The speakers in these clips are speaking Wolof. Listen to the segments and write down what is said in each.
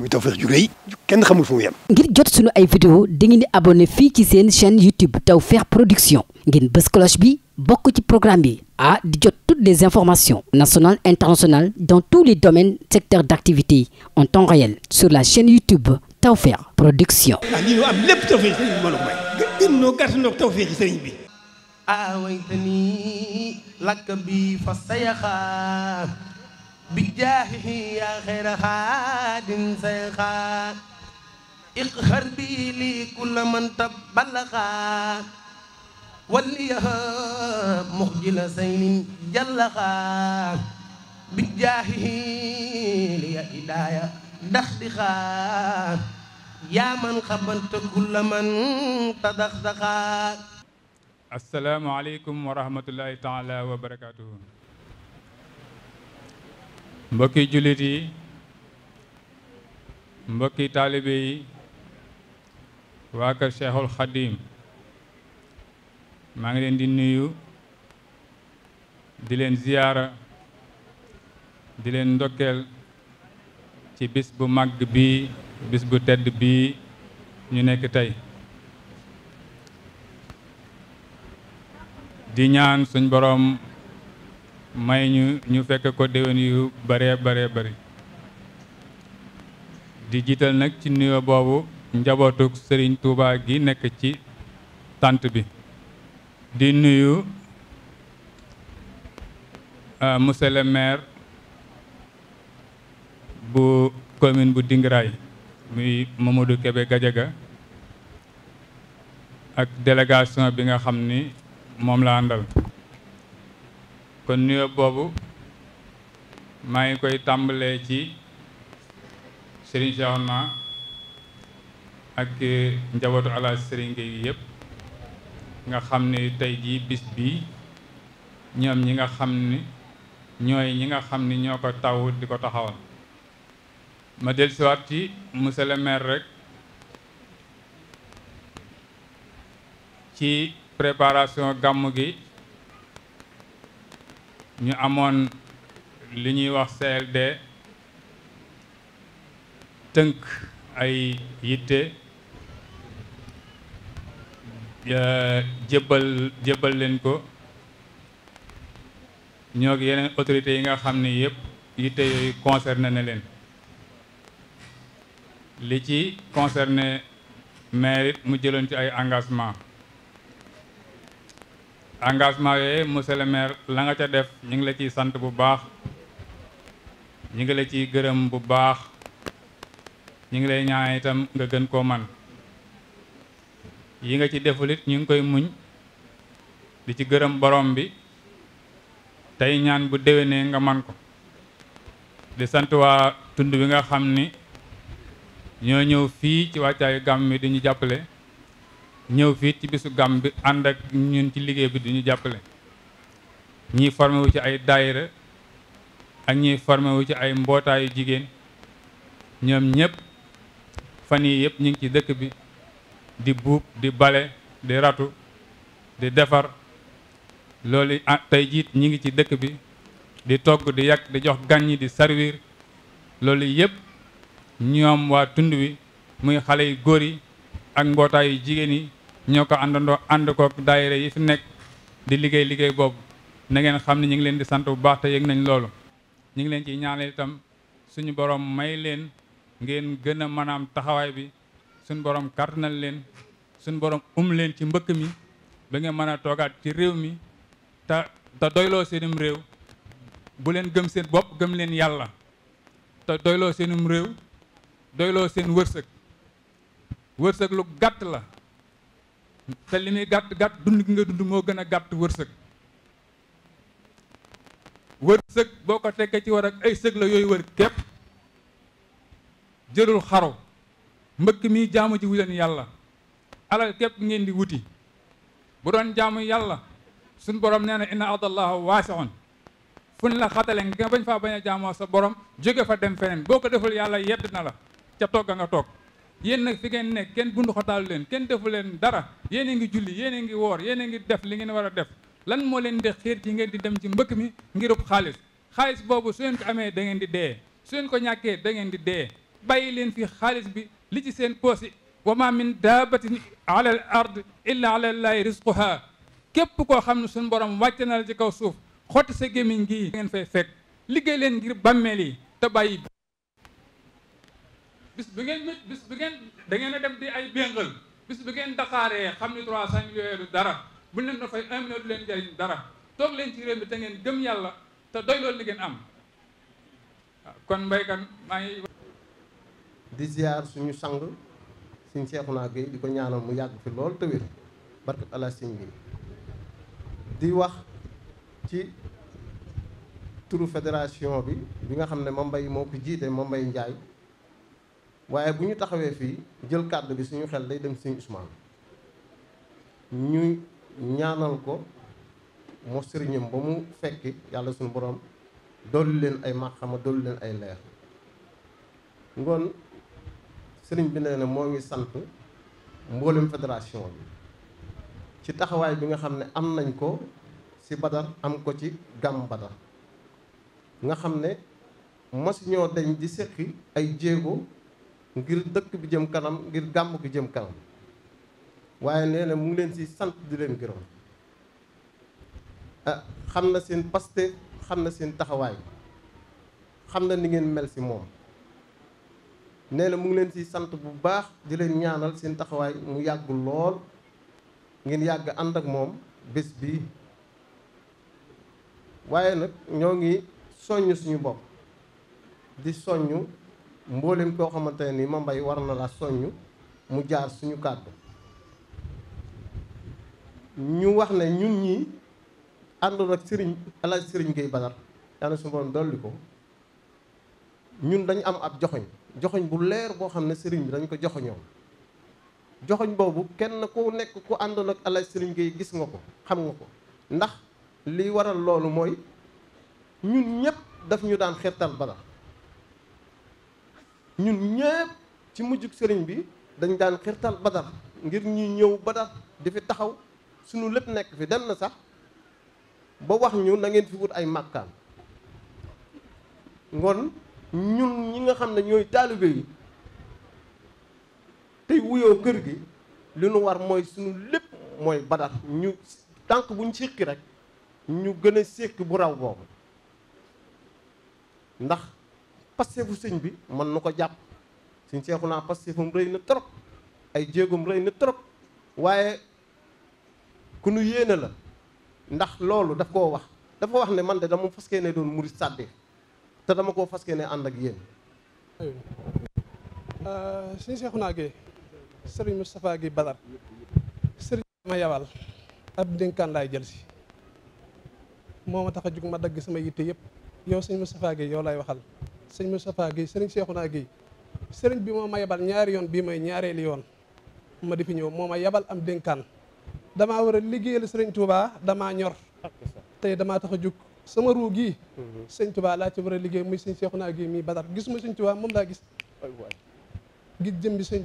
muy Tawfekh ju rëy kenn xamul fu mu yem. ngir jot sunu ay vidéo dangeen di abonné fii ci seen chaîne YouTube Tawfekh Production ngeen bës bi bokk ci programme bi ah di jot toutes les informations nationales internationales dans tous les domaines secteurs d'activité en temps réel sur la chaîne YouTube Tawfekh Production. ah lii ñu am lépp Tawfekh sëriñ bi mbooloo bi. ah way tani lakk bi fa sayaxaa. bijaahihi yaa xayra xaadin sayxaa iqhar bi li kulla man tabalaxaa waliyaha muxjila saynin jallaxaa bijaahihi li ya idaaya daxdixaa yaa man xabanta kulla man tadaxdaxaa asalaamu aleykum wa rahmatullahi taala wa barakaatuhu mbokki jullit yi mbokki taalibe yi waa kër Cheikhul Khadim maa ngi leen di nuyu di leen ziyaara di leen ndokkeel ci bis bu màgg bii bis bu tedd bii ñu nekk tey di ñaan suñ boroom may ñu ñu fekk ko déwén yu bare bare bari di jiital nag ci nuyoo boobu njabootuk sëriñ Touba gi nekk ci tant bi di nuyu euh, monsieur le maire bu commune bu Dingiraay muy Mamadou Kébé Gadiaga ak délégation bi nga xam ni moom la àndal kon nuyoo boobu maa ngi koy tàmbalee ci Serigne Cheikhouna ak eh, njabootu ala Serigne Gueye yi yëpp nga xam ne tey jii bis bii ñoom ñi nga xam ni ñooy ñi nga xam ne ñoo ko taw di ko taxawal ma dellusiwaat ci monsieur le maire rek ci préparation gàmm gi ñu amoon li ñuy wax CLD tënk ay yitte euh, jébbal jébbal leen ko ñoo ak yeneen autorités yi nga xam ni yëpp yitte yooyu concerné na leen li ci concerné maire it mu jëloon ci ay engagement engagement yooyu monsieur le maire la nga ca def ñu ngi la ciy sant bu baax ñu ngi la ciy gërëm bu baax ñu ngi lay ñaan itam nga gën koo man yi nga ci defulit ñu ngi koy muñ di ci gërëm borom bi tey ñaan bu déwénee nga man ko di sant waa tund bi nga xam ni ñoo ñëw fii ci wàccaayu gàmm mi di ñu jàppale ñëw fii ci bisu gàmm bi ànd ak ñun ci liggéey bi duñu jàppale ñii formé wu ci ay daayira ak ñii formé wu ci ay mbootaayu jigéen ñoom ñëpp fan yi yëpp ñu ngi ci dëkk bi di buub di bale di ratu di defar loolu ah, tey jiit ñu ngi ci dëkk bi di togg di yàq di jox gan ñi di servir loolu yëpp ñoom waa tund wi muy xale yu góor yi ak mbootaayu jigéen yi ñoo ko àndandoo ànd ko daayira yi fi nekk di liggéey liggéey boobu na ngeen xam ne ñu ngi leen di sant bu baax te yëg nañ loolu ñu ngi leen ciy ñaanal itam suñu borom may leen ngeen gën a maanaam taxawaay bi suñu borom kàttanal leen suñu borom um leen ci mbëkk mi ba ngeen mën a toogaat ci réew mi te te doyloo seenum réew bu leen gëm seen bopp gëm leen yàlla te doyloo seenum réew doyloo seen wërsëg wërsëg lu gàtt la te li muy gàtt gàtt dund gi nga dund moo gën a gàtt wërsëg wërsëg boo ko tekkee ci war ak ay sëg la yooyu wër képp jëlul xaru mbëkk mi jaamu ji wuleen yàlla alal képp ngeen di wuti bu doon jaamu yàlla suñ borom nee na inna ardallaha waasixun fu ñu la xatale nga bañ faa bañ a jaamoo sa borom jóge fa dem feneen boo ko deful yàlla yedd na la ca togg nga toog yéen nag fi ngeen nekk kenn bundu xotaalu leen kenn defu leen dara yéen a ngi julli yéen a ngi woor yéen a ngi def li ngeen war a def lan moo leen di xiir ci ngeen di dem ci mbëkk mi ngirub xaalis xaalis boobu su ngeen ko amee da ngeen di dee su ngeen ko ñàkkee da ngeen di dee bàyyi leen fi xaalis bi li ci seen poosi wa ma min daabatin ala al ard illa ala llaahi risquha képp koo xam ne suñu borom wàcce na la ci kaw suuf xotti sa gémmiñ gi ngeen fay fekk liggéey leen ngir bàmmeel yi te bàyyi bis bi ngeen mit bis bi ngeen da a dem di ay béngal bis bi ngeen daqaaree xam ni trois cent millions du dara buñ leen da fay du leen jariñ dara toog leen ci réew mi te ngeen gëm yàlla te doy loolu li ngeen am kon mbaykan maa ngi di ziar suñu sang suñ Seexuna Gey di ko ñaanal mu yàgg fi lool te wér barkat àla sin bi di wax ci turu fédération bi bi nga xam ne Mame mbay moo ko jiite Mame Mbaye Ndiaye waaye bu ñu taxawee fii jël kàddu bi suñu xel day dem suñu Ousmane ñuy ñaanal ko moo sëriñam ba mu fekki yàlla suñu boroom dolli leen ay maqama dolli leen ay leer ngoon sëriñ bi nee ne moo ngi sant mboolem fédération bi ci taxawaay bi nga xam ne am nañ ko ci Badar am ko ci gàmm Badar nga xam ne mos ñoo dañ di séqi ay jéego ngir dëkk bi jëm kanam ngir gàmm gi jëm kanam waaye nee na mu ngi leen si sant di leen gërëm ah, xam na seen paste xam na seen taxawaay xam na ni ngeen mel si moom nee na mu ngi leen si sant bu baax di leen ñaanal seen taxawaay mu yàgg lool ngeen yàgg ànd ak moom bés bii waaye nag ñoo ngi soññ suñu bopp di soññ mboolem koo xamante ne ni ma mbay war na la soññ mu jaar suñu kàddu ñu wax ne ñun ñi àndoon ak sëriñ alaaj sëriñ gay Badar yàlla suñu borom dolli ko ñun dañu am ab joxoñ joxoñ bu leer boo xam ne sëriñ bi dañ ko joxoñoo joxoñ boobu kenn ku nekk ku àndoon ak alaaj sëriñ Gueye gis nga ko xam nga ko ndax li waral loolu mooy ñun ñëpp daf ñu daan xeetal Badar ñun ñëpp ci mujjug sëriñ bi dañ daan xirtal badar ngir ñu ñëw badar di fi taxaw sunu lépp nekk fi dem na sax ba wax ñu na fi wut ay màkkaan ngon ñun ñi nga xam ne ñooy taalibe yi tey wuyoo kër gi li nu war mooy suñu lépp mooy badar ñu tànk buñ séqi rek ñu gën a séqi bu raw boobu ndax pasteefu sëñ bi mën nu ko jàpp sëñ seexu naa pasteefam rëy na trop ay jéegum rëy na trop waaye ku nu yéene la ndax loolu daf koo wax dafa wax ne man de dama faskee ne doon murit sàdde te dama koo faskee ne ànd ak yéen euh, sëñ seexu naa gi sëriñ Moustapha gi Badar sëriñ ma yabal ab ndénkaan laay jël si moo ma tax a jug ma dagg sama yitte yëpp yow sëñ Moustapha gi yow lay waxal sëñ Moustapha Guèye sëriñ naa Guèye sëriñ bi moo ma yebal ñaari yoon bii mooy ñaareeli yoon ma di fi ñëw moo ma yebal am dinkaan damaa war a liggéeyal sëriñ Touba damaa ñor tey damaa tax a jug sama ruu gii sëñ Touba laa ci war a liggéey muy sëñ Cheikhouna Guèye mii badar gis ma sëñ Touba moom laa gis gis jëm bi sëñ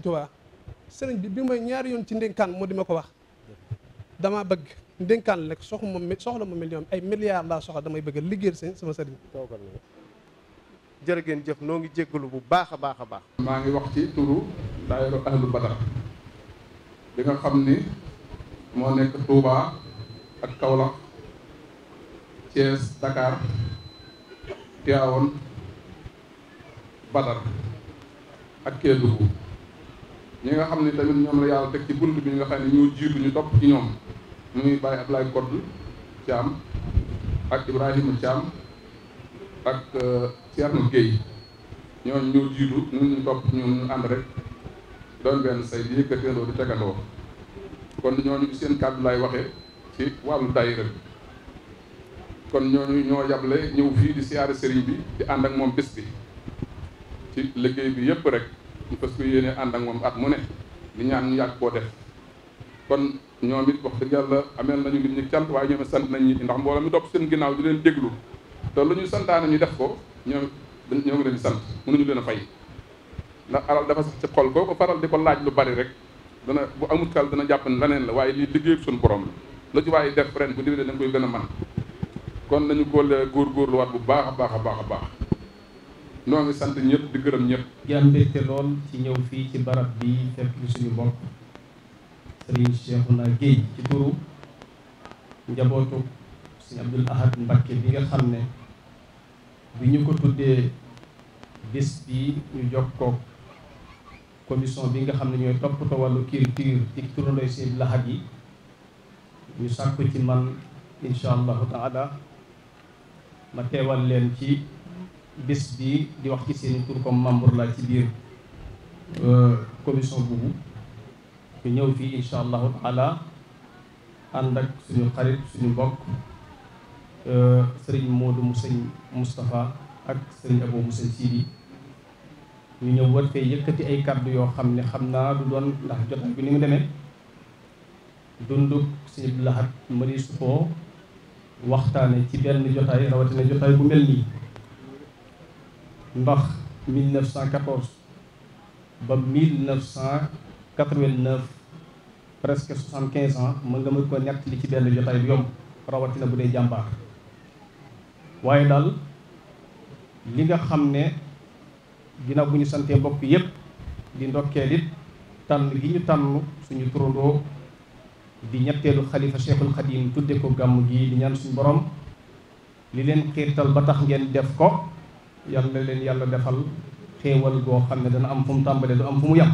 sëriñ bi bi may ñaari yoon ci ndénkaan moo di ma ko wax damaa bëgg ndénkaan lekk soxla ma soxla ma million ay milliards laa soxla damay bëgg liggéeyal sëñ sama sëriñ jërë ngeen jëf noo ngi jéggalu bu baax a baax a baax. maa ngi wax ci turu daayiru ahlu badar bi nga xam ni moo nekk Touba ak Kaolack Thiès Dakar Tivaouane Badar ak bu ñi nga xam ni tamit ñoom la yàlla teg ci bunt bi ñu nga xam ne ñoo jiitu ñu topp ci ñoom muy bàyyi Ablaye Kodd Thiam ak Ibrahima Thiam. ak euh, Thierno Guèye ñooñu ñoo jiitu ñun ñu topp ñun ñu ànd rek doon benn say di yëkkateendoo di tegandoo kon ñoo seen kàddu laay waxee ci wàllu daayira kon ñooñu ñoo yable ñëw fii di siyaare sëriñ bi di ànd ak moom bés bi ci liggéey bi yëpp rek ñu fas ko yéene ànd ak moom at mu ne di ñaan ñu yàgg koo def kon ñoom it wax dëgg yàlla ameel nañu nit ñi cant waaye ñoom sant nañ ñi ndax mbooloo mi topp seen ginnaaw di leen déglu te lu ñu santaane ñu def ko ñoom ñoo ngi leen di sant ñu leen a fay ndax alal dafa sax ci xol boo ko faral di ko laaj lu bari rek dana bu amut xel dana jàpp ne leneen la waaye lii liggéey suñu borom la lu ci waaye def ren bu déwénee da nga koy gën a man kon nañu ko góorgóorlu waat bu baax a baax a baax a baax noo ngi sant ñëpp di gërëm ñëpp. di am mbégte lool ci ñëw fii ci barab bi fekk ñu suñu mbokk Serigne naa Guèye ci turu njabootu Serigne Abdoul Ahad Mbacké bi nga xam ne. bi ñu ko tuddee bis bi ñu jokkoo commission bi nga xam ne ñooy toppatoo wàllu culture ci turandoy seen laxat yi ñu sàkku ci man insha allahu taala ma teewal leen ci bis bi di wax ci seeni tur comme membre la ci biir euh, commission boobu ñu ñëw fii insha allahu taala ànd ak suñu xarit suñu mbokk Euh, sëriñ Modou mu sëñ Moustapha ak sëriñ Abou mu sëñ ñu ñëw war fee ay kàddu yoo xam ne xam naa du doon ndax jot bi ni mu demee dunduk sëñ Abdou Lahad Mari Sufo waxtaane ci benn jotaay rawatina jotaay bu mel nii ndax 1914 ba 1989 presque 75 ans mën nga ma ko nekk li ci benn jotaay bu yomb rawatina bu dee jàmbaar waaye daal li nga xam ne ginnaaw bu ñu santee mbokk yépp di ndokkeel it tànn gi ñu tànn suñu turandoo di ñetteelu xalifa cheikhul xadim tudde ko gàmm gii di ñaan suñu borom li leen xiirtal ba tax ngeen def ko yàlla leen yàlla defal xéewal goo xam ne dana am fu mu tàmbalee du am fu mu yàq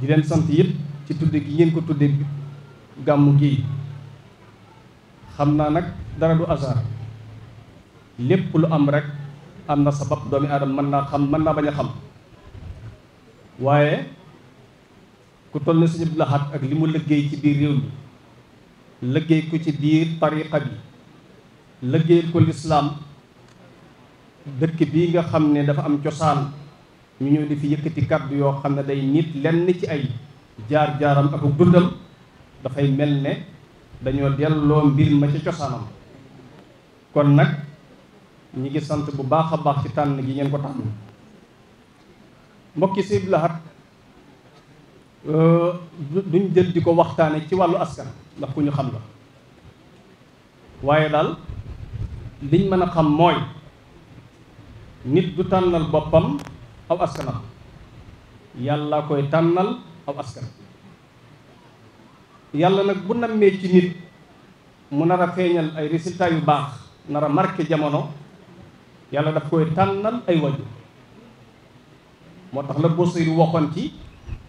di leen sant it ci tudde gi ngeen ko tudde gàmm gi xam naa nag dara du hasard lépp lu am rekk am na sabab doomi aadama mën naa xam mën naa bañ a xam waaye ku toll ne Sëriñ Abdou ak li mu liggéey ci biir réew liggéey ko ci biir tariqa bi liggéeyal ko lislaam dëkk bii nga xam ne dafa am cosaan ñu ñëw di fi yëkkati kàddu yoo xam ne day nit lenn ci ay jaar-jaaram ak dundam dafay mel ne dañoo delloo mbir ma ci cosaanam kon nag ñi ngi sant bu baax a baax ci tànn gi ngeen ko tànn mbokki Sëñ Abdou Lahad euh, duñ jël di ko waxtaane ci wàllu askan ndax ku ñu xam la waaye daal liñ mën a xam mooy nit du tànnal boppam aw askanam yàlla koy tànnal aw askan yàlla nag bu nammee ci nit mu nar a feeñal ay résultats yu baax nara a jamono yàlla daf koy tànnal ay waju moo tax la Busiri waxoon ci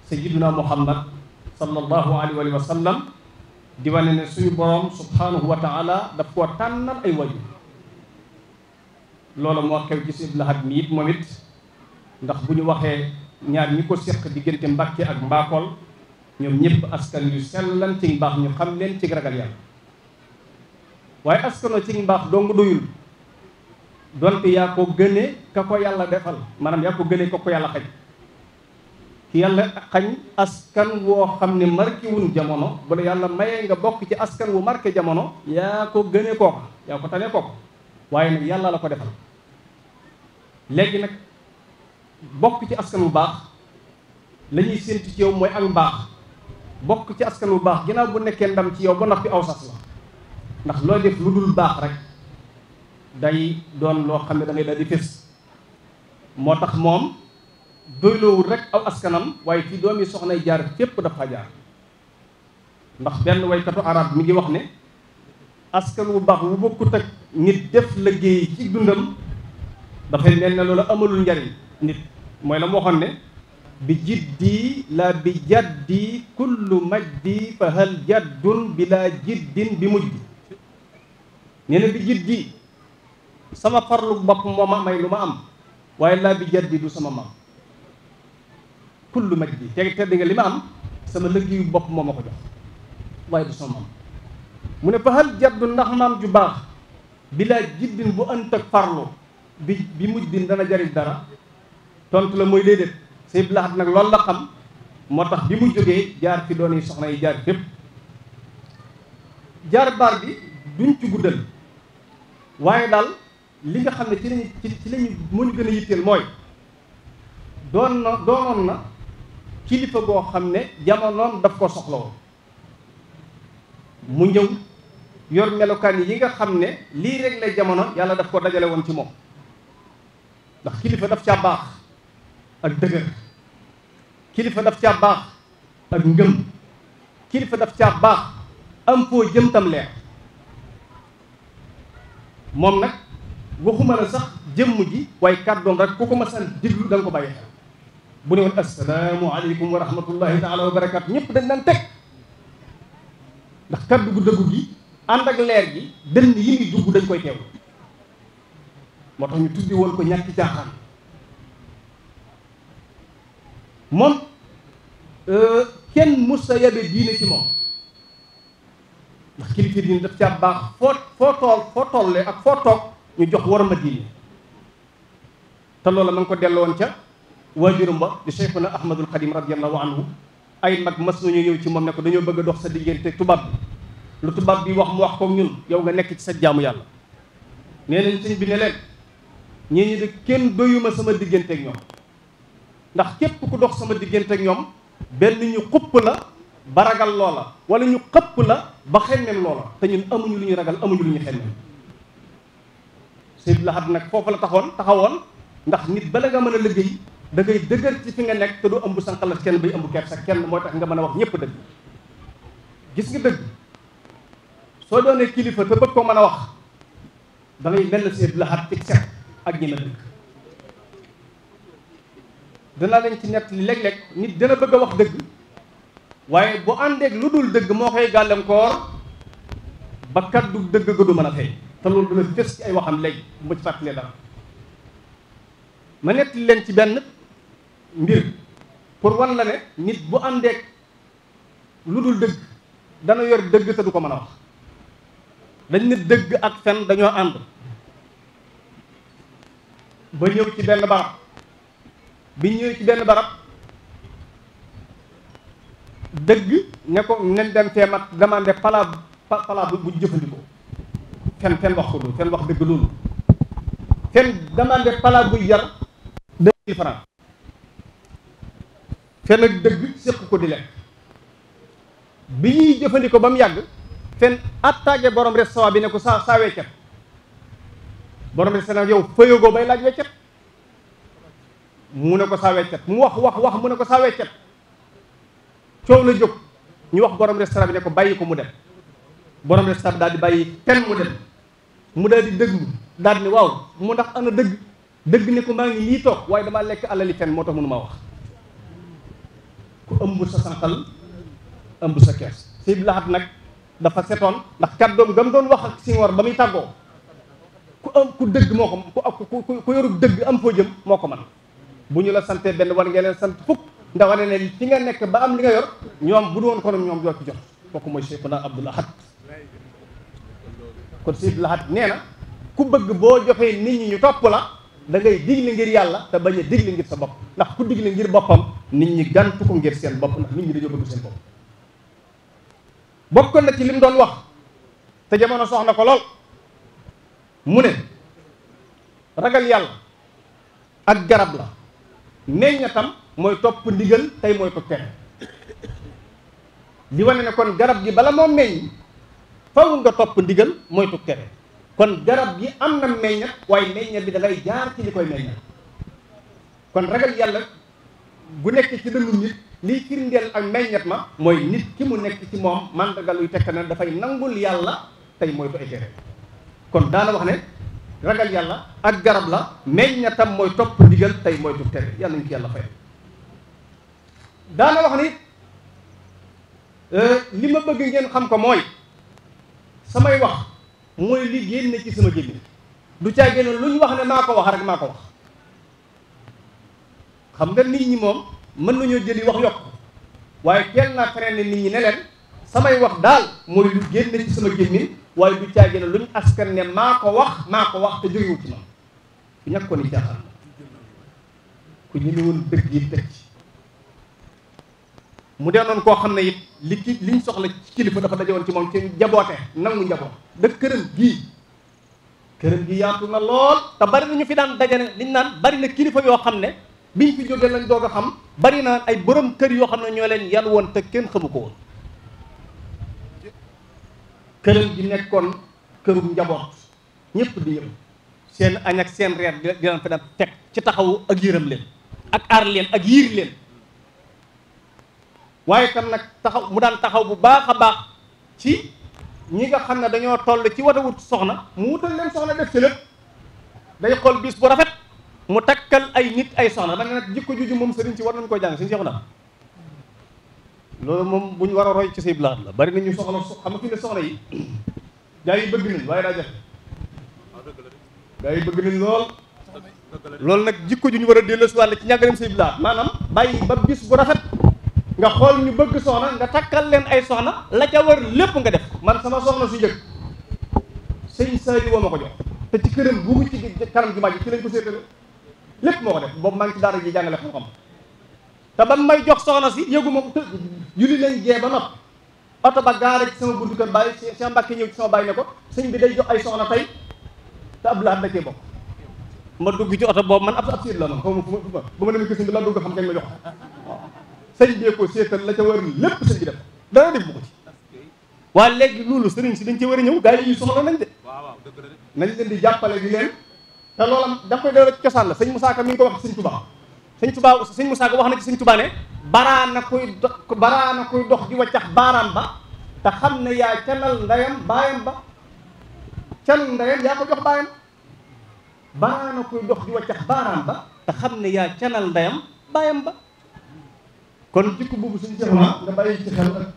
sayyiduna Muhammad sallallahu alayhi wa sallam di wane ne suñu borom subhanahu wa taala daf koo tànnal ay waju loolu moo xew ci si Ibn Lahad mi it moom it ndax bu ñu waxee ñaar ñi ko seq diggante Mbàkke ak Mbaakool ñoom ñëpp askan yu sellan ci mbaax ñu xam leen ci ragal yàlla waaye askano ci mbaax dong doyul donte yaa ko gëne ka ko yàlla defal maanaam yaa ko gënee ka ko yàlla xañ ki yàlla xañ askan woo xam ne marqué wuñ jamono bu yàlla mayee nga bokk ci askan wu marke jamono yaa ko gëne kooka yaa ko tane kooka waaye nag yàlla la ko defal léegi nag bokk ci askan wu baax la ñuy séntu ci yow mooy ak baax bokk ci askan wu baax ginnaaw bu nekkee ndam ci yow ba noppi aw sas la ndax loo def lu dul baax rek day doon loo xam ne da ngay daal di fés moo tax moom doyloowul rek aw askanam waaye ci doom yi soxna jaar fépp dafa jaar ndax benn waykatu arab mi ngi wax ne askan wu baax wu bokkut ak nit def liggéey ci dundam dafay mel ne loolu amalul njariñ nit mooy la moo xam ne bi jiddi la bi jaddi kullu majdi fa hal jaddun bila jiddin bi mujj nee na bi jiddi sama farlu bopp moo ma may lu ma am waaye laa bi jaddi du sama maam kullu bi teg tedd nga li ma am sama liggéeyu bopp moo ma ko jox waaye bu sama maam mu ne fa hal jaddu ndax maam ju baax bilaa jiddin bu ënt ak farlu bi bi mujj din dana jariñ dara tontu la mooy déedéet say bilaxat nag lool la xam moo tax bi mu jógee jaar fi doon yi soxna yi jaar fépp jaar baar bi duñ ci guddal waaye daal li nga xam ne ci lañu ci lañu ñu gën a yitteel mooy doon na na kilifa goo xam ne jamonoom daf ko soxla woon mu ñëw yor melokaan yi nga xam ne lii rek la jamono yàlla daf ko dajale woon ci moom ndax kilifa daf caa baax ak dëgër kilifa daf caa baax ak ngëm kilifa daf caa baax am foo jëm tam leer moom nag waxuma la sax jëmm ji waaye kàddoom rek ku ko masaan diglu da nga ko bàyyi xel bu ne woon assalaamu aleykum wa rahmatullahi taala wa barakaatu ñëpp dañ daan teg ndax kàddu gu dëggu gi ànd ak leer gi dënn yi ngi dugg dañ koy teew moo tax ñu tuddi woon ko ñàkki caaxaan moom euh, kenn musa yabe diine ci moom ndax kilifa diine daf caa baax foo foo tool foo tollee ak foo toog ñu jox war ma diine te loola ma ngi ko delloon ca waajurum ba di cheikhuna ahmadul xadim radiallahu anhu ay mag mas nañu ñëw ci moom ne ko dañoo bëgg a dox sa diggante tubaab bi lu tubaab bi wax mu wax kook ñun yow nga nekk ci sa jaamu yàlla nee nañ sëñ bi ne leen ñii ñi de kenn doyuma sama diggante ak ñoom ndax képp ku dox sama diggante ak ñoom benn ñu xupp la ba ragal loola wala ñu xëpp la ba xemmeem loola te ñun amuñu lu ñu ragal amuñu lu ñu xemmeem Sëñ laxat nag foofu la taxoon taxawoon ndax nit bala nga mën a liggéey da ngay dëgër ci fi nga nekk te du ëmb sanqalas kenn bay ëmb kersa kenn mooy tax nga mën a wax ñëpp dëgg gis nga dëgg soo doonee kilifa te bëgg ko mën a wax da ngay mel ne Sëñ Lahad ci set ak ñi ma dëgg dana leen ci nett li léeg-léeg nit dana bëgg a wax dëgg waaye bu àndeeg lu dul dëgg moo koy gàllankoor ba kaddu dëgg ga du mën a fay te loolu dana fés ci ay waxam léegi bu ma ci fàttalee dara ma nettali leen ci benn mbir pour wan la ne nit bu àndeek lu dul dëgg dana yor dëgg te du ko mën a wax dañ ne dëgg ak fen dañoo ànd ba ñëw ci benn barab bi ñëw ci benn barab dëgg ne ko nen dem fee mat demandé pala bu jëfandikoo fen fen wax ko du fen wax dëgg loolu fen demandé pala buy jar deux mille francs fen ak dëgg séq ko di lekk bi ñuy jëfandikoo ba mu yàgg fen attaqué borom restaurant bi ne ko saa saa weccet borom restaurant yow fëyagoo bay laaj weccet mu ne ko saa weccet mu wax wax wax mu ne ko saa weccet coow la jóg ñu wax borom restaurant bi ne ko bàyyi ko mu dem borom restaurant bi daal di bàyyi fen mu dem mu daal di dëgg daal ni waaw mu ndax na dëgg dëgg ne ko maa ngi nii toog waaye damaa lekk alali kenn moo tax mënu maa wax ku ëmb sa sanqal ëmb sa kees si laxat nag dafa setoon ndax kàddoom gam doon wax ak singoor ba muy tàggoo ku am ku dëgg moo ko ku ku yorub dëgg am foo jëm moo ko man bu ñu la santee benn war ngeen leen sant fukk ndax wane ne fi nga nekk ba am li nga yor ñoom bu du woon konom ñoom joo ci jot kooku mooy Cheikhuna Abdoul Ahad kon Sëñ Abdou nee na ku bëgg boo joxee nit ñi ñu topp la dangay ngay digle ngir yàlla te bañee a digle ngir sa bopp ndax ku digle ngir boppam nit ñi gantu ko ngir seen bopp ndax nit ñi dañoo bëgg seen bopp ko na ci lim doon wax te jamono soxna ko lool mu ne ragal yàlla ak garab la meññatam mooy topp ndigal tey mooy ko tere di wane ne kon garab gi bala moo meññ faw nga topp ndigal moytu tere kon garab gi am na meññat waaye meññat bi da ngay jaar ci li koy meññat kon ragal yàlla gu nekk ci dënnum nit liy firndeel ak meññat ma mooy nit ki mu nekk ci moom màndarga luy tekk na dafay nangul yàlla tey moytu ay tere kon daana wax ne ragal yàlla ak garab la meññatam mooy topp ndigal tey moytu tere yàlla nañ ci yàlla fay daana wax ne euh, li ma bëgg ngeen xam ko mooy samay wax mooy li génn ci sama jëmm du caa génn lu ñu wax ne maa ko wax rek maa ko wax xam nga nit ñi moom mën nañoo jëli wax yokk waaye kenn naa feneen ne nit ñi ne samay wax daal mooy lu génn ci sama gémmiñ waaye du caa génn luñ askan ne maa ko wax maa ko wax te jógewut ci ma ku ñàkk ko ni caaxaan ku ñu ne woon yi teg mu doonoon koo xam ne it li ki liñ soxla ci kilifa dafa dajewoon ci moom ci njaboote nangu njaboot dëkk këram gii këram gi yaatu na lool te bari na ñu fi daan dajane liñ naan bari na kilifa yoo xam ne biñ fi jógee lañ doog a xam bari na ay borom kër yoo xam ne ñoo leen yal woon te kenn xamu ko woon këram gi nekkoon kërum njaboot ñëpp di yëm seen añ ak seen reer di leen fa daan teg ci taxaw ak yërëm leen ak aar leen ak yiir leen waaye tam nag taxaw mu daan taxaw bu baax a baax ci ñi nga xam ne dañoo toll ci war a soxna mu wutal leen soxna def ci lépp day xool bis bu rafet mu takkal ay nit ay soxna da nga nag jikko juju moom sëriñ war nañ koo jàng suñu seexu moom buñ war a roy ci say la bari nañu soxla xam nga fi ne soxna yi gaa yi bëgg nañ waaye daa jafe gaa yi bëgg nañ lool loolu nag jikko ju ñu war a delloosiwaat wàll ci ñàggareem say blaat maanaam bàyyi ba bis bu rafet nga xool ñu bëgg soxna nga takkal leen ay soxna la ca war lépp nga def man sama soxna su njëkk sëñ Saali woo ma ko jox te ci këram bu mu ci kanam jumaa ji ci lañ ko séetale lépp moo def boobu maa ngi ci daara ji jàngale xam te ba may jox soxna si yëgu ma të julli nañ gee ba noppi oto ba gaare ci sama buntu kër bàyyi seen mbàkke ñëw ci sama bàyyi ko sëñ bi day jox ay soxna tey te Abdoulaye da cee bokk ma dugg ci oto boobu man ab ab siir la man xaw ma fu ma bu ma demee ko sëñ la dugg xam kañ ma jox waaw sëñ bee ko seetal la ca war lépp sëñ bi def dara def bu ko ci waa léegi loolu sëriñ si dañ ci war a ñëw gaa yi ñu soxla nañ de nañ leen di jàppale di leen te loolam da koy delloo cosaan la sañ musaaka Ka mi ko wax ci sëñ Touba sëñ Touba sëñ Moussa Ka wax na ci sëñ Touba ne baraana koy dox baraana koy dox di waccax baaraam ba ta xam ne yaa canal ndayam baayam ba canal ndayam yaa ko jox baayam baraana koy dox di waccax baaraam ba te xam ne yaa canal ndayam baayam ba kon jikko boobu suñu ceexla nga bàyyi ci xel ak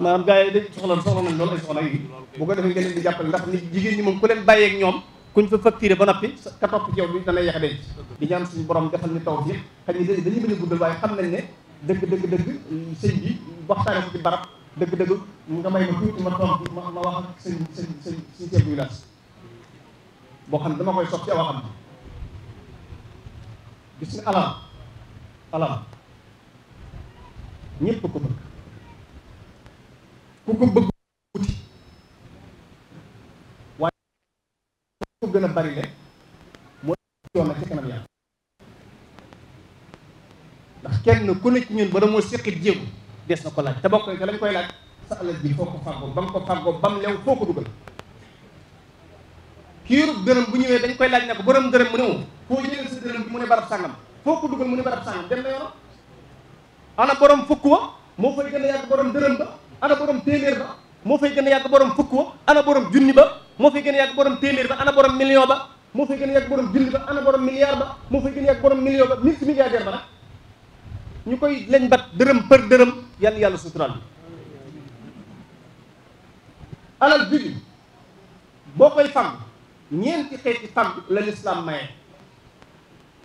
maanaam gars yi dañ soxla soxla nañ loolu ay soxla yi bu ko defee nga leen di jàppale ndax ni jigéen ñi moom ku leen bàyyeeg ñoom kuñ fa facturé ba noppi ka topp ci yow bi dana yeex denc di ñaan suñu borom defal ñu taw ci xëy na dañuy mën a guddal waaye xam nañ ne dëgg dëgg dëgg sëñ bi waxtaane ko ci barab dëgg dëgg nga may ma tuuti ma toog ma ma wax ak sëñ sëñ sëñ suñu ceeb village boo xam ne dama koy sof ci awa xam bi gis nga alal alal ñëpp ko bëgg ku ko bëgg wuti waaye ko gën a bari le mooy coono ca kanam yàlla ndax kenn ku ne ci ñun ba damoo séqit jéegu des na ko laaj te bokk lañ koy laaj sa alal ji foo ko fàggoo ba mu ko fàggoo ba mu lew foo ko dugal kiirub dërëm bu ñëwee dañ koy laaj ne ko borom dërëm mu ne wu foo jëlee sa dërëm mu ne barab sàngam foo ko dugal mu ne barab sàngam dem na yoonam ana borom fukk wa moo fay gën a yàgg borom dërëm ba ana borom téeméer ba moo fay gën a yàgg borom fukk wa ana borom junni ba moo fay gën a yàgg borom téeméer ba ana borom million ba moo fay gën a yàgg borom junni ba ana borom milliard ba moo fay gën a yàgg borom million ba multi milliardaire ba nag ñu koy leen bat dërëm për dërëm yàlla yàlla suturaal bi alal bi boo koy fam ñeenti xeeti fam la lislaam maye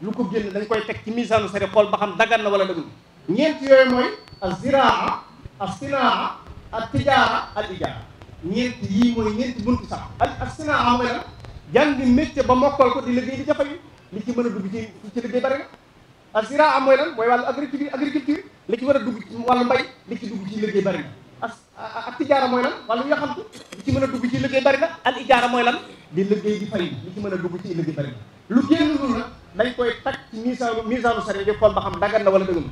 lu ko génn dañ koy teg ci misaanu sari xool ba xam daggan na wala dagul ñeent yooyu mooy al ziraa al sinaa a tijaara al ijaara ñeent yii mooy ñeent buntu sax al ak mooy lan jàngi métier ba mokkal ko di liggéey di jafe li ci mën a dugg ci ci liggéey bari na al ziraa mooy lan mooy wàllu agriculture agriculture ci war a dugg ci wàllu ci dugg ci liggéey bari na ak tijaara mooy lan wala yoo dugg ci liggéey di liggéey di fay li ci mën a dugg ci liggéey bari na lu génn loolu nag dañ koy tag ci misaanu misaanu sari di xool ba xam dagan na wala dëgg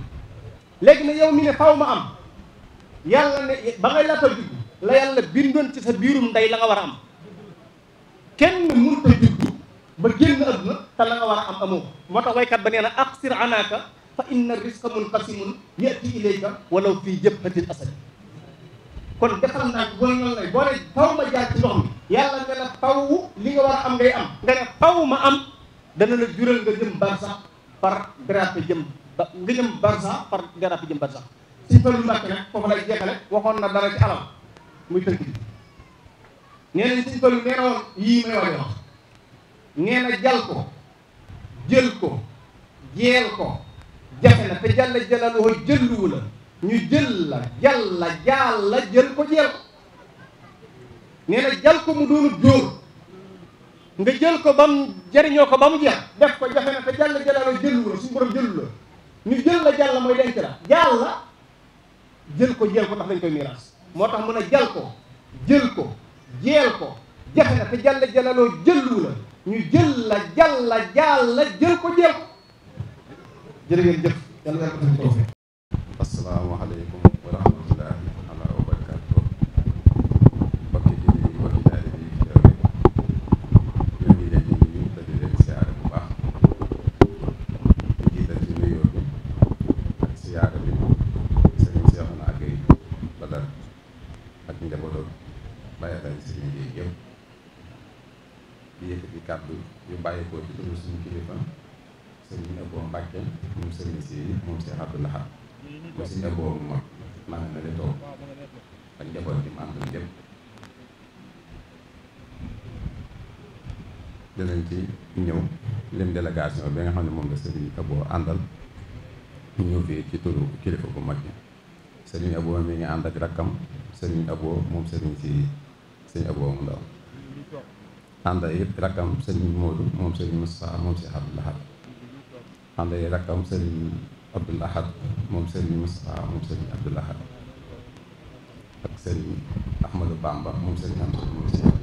léegi ne yow mi ne faaw ma am yàlla ne ba ngay laata juddu la yàlla bindoon ci sa biirum ndey la nga war a am kenn mënut a juddu ba génn adduna te la nga war a am amoo moo tax waykat ba nee na aqsir anaaka fa inna risqa munqasimun yati ilayka walaw fii jëppatil asadi kon defal naa ko booy noonu lay yàlla nga ne faw li nga war a am ngay am nga ne faw ma am dana la jural nga jëm bar sax par grâce jëm ba nga jëm barsa par garab jëm barsa si Fallu Mbàkke nag foofu lay jeexale waxoon na dara ci alal muy tënk bi nee nañ si Fallu yii may wax wax jal ko jël ko jeel ko jafe na te jàlla jàllal woo jëlluwu la ñu jël la jàlla jàlla jël ko jeel ko nee na jal ko mu doonu jóor nga jël ko ba mu jëriñoo ko ba mu jeex def ko jafe na te jàlla jàllal woo jëlluwu la suñu borom jëllu la ñu jël la jàll mooy denc la jàll la jël ko jël ko ndax dañ koy miiras moo tax mun a jal ko jël ko jeel ko jafe na te jàll jàllaloo jëllu la ñu jël la jal la jàll la jël ko jël ko jërë ngeen jëf yàlla na ko asalaamaaleykum sëriñ si moom si Abdou Lahad moom si Abou mag maa ngi di toog ak njaboot bi ma àndal lépp dinañ ci ñëw lim délégation bi nga xam ne moom la sëriñ Abou àndal ñu fii ci turu kilifa bu mag bi sëriñ Abou mi ngi ànd ak rakkam sëriñ Abou moom sëriñ si sëriñ moom sëriñ Moussa moom ànd yi rakkam sëriñ Abdul Ahad moom sëriñ Moustapha moom sëriñ Abdul Ahad ak sëriñ Ahmadou Bamba moom sëriñ Amsa moom sëriñ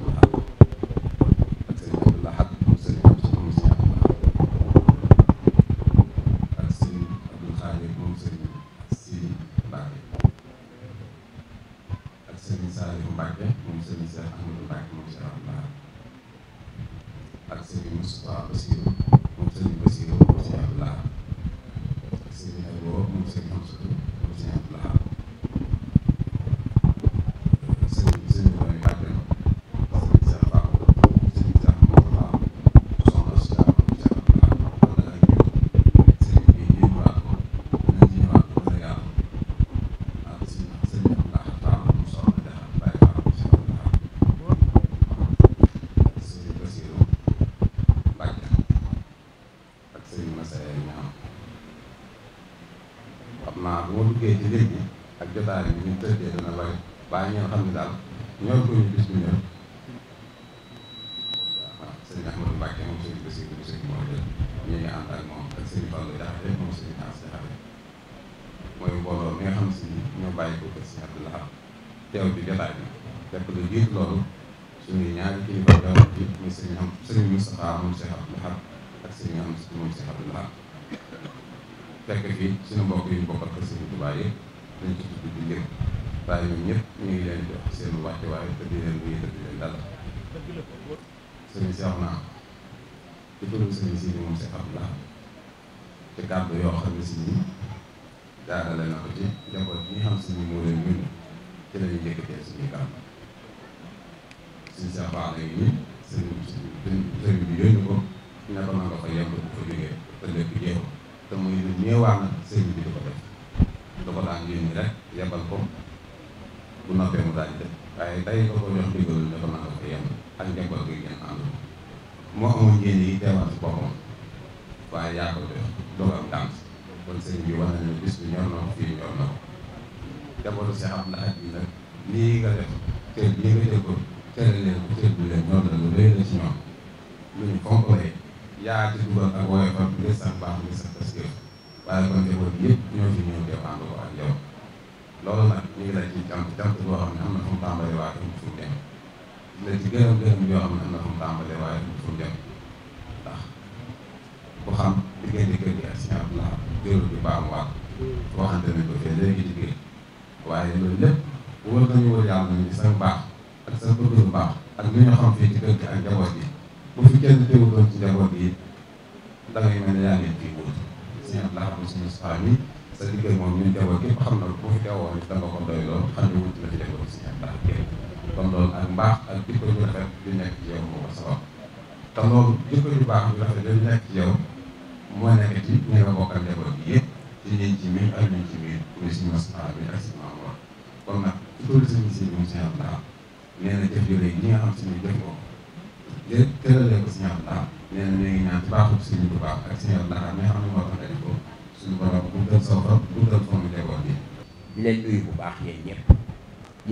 duggee ci léegi ak jotaay bi ñu tëddee na bari baa ñoo xam ne daal ñor ko ñu bis bu ñor commencé ab laaj ci kàddu yoo xam ne si nii jaarale na teewul ñu baamuwaat ko mm. waxante ne ko fee léegi ci biir waaye loolu lépp wóor nañu wóor yàlla nañu sa baax ak sa bëgg lu baax ak li ñu xam fii ci kër gi ak njaboot gi bu fi kenn teewul doon ci njaboot gi da ngay mel ne yaa ngi ciy wóor si ñoom laa xam suñu saxaar yi sa liggéey moom ñun njaboot gépp xam na bu fi teewoo da nga ko doy lool xam ne wut la ci njaboot si ñoom laa kon loolu ak mbaax ak jikko ju rafet ju nekk ci yow moo ko sabab te loolu jikko ju baax ju rafet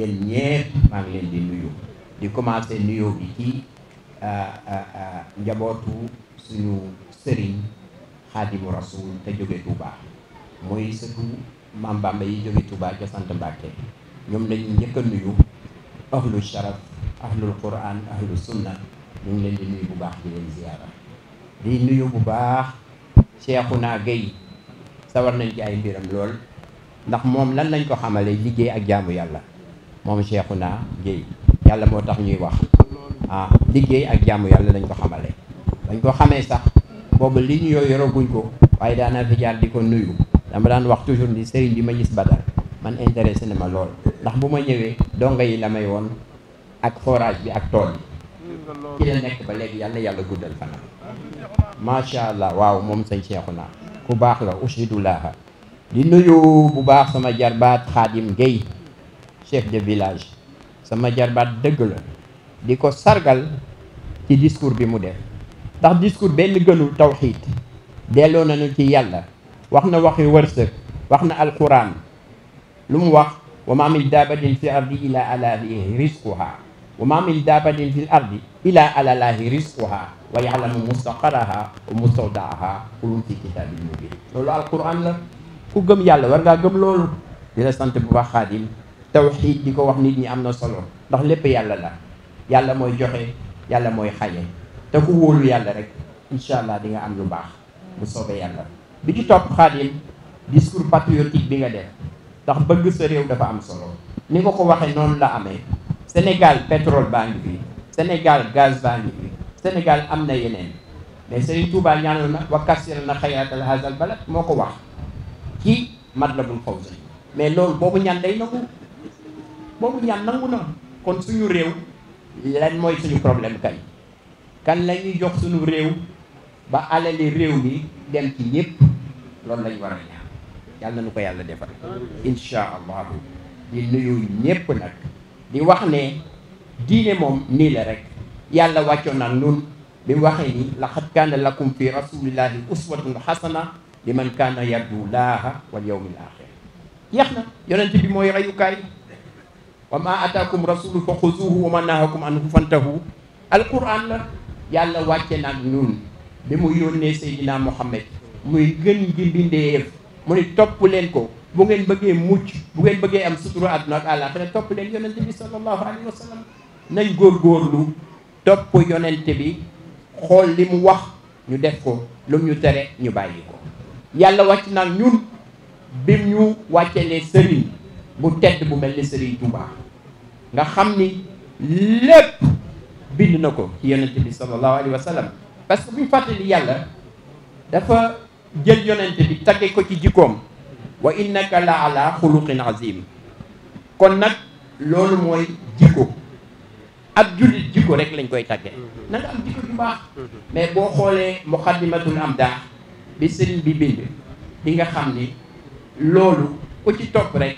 yéen maa ngi leen di nuyu di commencé nuyoo bi ci euh, euh, euh, njabootu suñu sëriñ xaadimu rasul te jóge Touba mooy surtout maam Bamba yi jóge Touba ca sant Mbàkke ñoom lañu njëkk nuyu ahlu sharaf ahlul quran ahlu sunna ñu ngi leen di nuyu bu baax di leen ziyaara di nuyu bu baax Cheikhouna Gueye sawar nañ jaay ay mbiram lool ndax moom lan lañ ko xamale liggéey ak jaamu yàlla moom Cheikhouna Dieye yàlla moo tax ñuy wax ah liggéey ak jàmm yàlla lañ ko xamale dañ ko xamee sax boobu li ñu yooyu yoraguñ ko waaye daanaa fi jaar di ko nuyu dama daan wax toujours ni sëriñ bi ma gis Badar man intéressé na ma lool ndax bu ma ñëwee dongo yi la may woon ak forage bi ak tool bi la nekk ba léegi yàlla yàlla guddal fanam macha allah waaw moom sëñ naa ku baax la ushidulaaha di nuyu bu baax sama jarbaat Xaadim Gueye chef de village sama jarbaat dëgg la di ko sargal ci discours bi mu def ndax discours benn gënul tawxiid delloo nañu ci yàlla wax na yu wërsëg wax na alquran lu mu wax wa ma min daabatin fi ardi ila alalahi risquha wa ma min wa yaalamu mustaqaraha wa mustawdaaha kulun fi kitaabin mubin loolu alquran la ku gëm yàlla war ngaa gëm loolu di la bu baax xaadim tawxiid di ko wax nit ñi am na solo ndax lépp yàlla la yàlla mooy joxe yàlla mooy xaje te ku wóolu yàlla rek incha allah di nga am lu baax bu soobee yàlla bi ci topp xaadim discours patriotique bi nga def ndax bëgg sa réew dafa am solo ni nga ko waxee noonu la amee Sénégal pétrole baa ngi fi Sénégal gaz baa ngi fi Sénégal am na yeneen mais Serigne Touba ñaanal na wa kassir na xayaatal hazal balad moo ko wax ci Matlabul Fawzayni mais loolu boobu boobu ñaan nangu na kon suñu réew lan mooy suñu problème kay kan la ñuy jox suñu réew ba alali réew mi dem ci ñëpp loolu lañu war a ñaan yàlla nu ko yàlla defal insha allahu di nuyu ñëpp nag di wax ne diine moom nii la rek yàlla wàccoon nag nun bi waxee ni laqad kaana lakkum fi rasulillahi uswatun xasana liman kaana yarju laaha wal yawmil axir yeex na yonent bi mooy rayukaay wa ma ataakum rasulu fa xuzuhu wa ma nahakum anhu fantahu alquran la yàlla wàcce nag ñun bi mu yónnee Seydina Mohamed muy gën gi mu ni topp leen ko bu ngeen bëggee mucc bu ngeen bëggee am sutura àdduna ak àllaaxira topp leen yonente bi sallallahu alayhi wa sallam nañ góorgóorlu topp yonente bi xool li mu wax ñu def ko lu mu ñu tere ñu bàyyi ko yàlla wàcc nag ñun bim ñu wàccelee sëriñ bu tedd bu mel ni Serigne Touba nga xam ni lépp bind na ko ci yonent bi sallallahu alayhi wa sallam parce que bu ñu fàttali yàlla dafa jël yonent bi tagge ko ci jikkoom wa innaka la ala xuluqin azim kon nag loolu mooy jikko ab jullit jikko rek lañ koy tagge mm-hmm. na am jikko ju baax mais boo xoolee muqaddimatul am daax bi sëriñ bi bind di nga xam ni loolu ku ci topp rek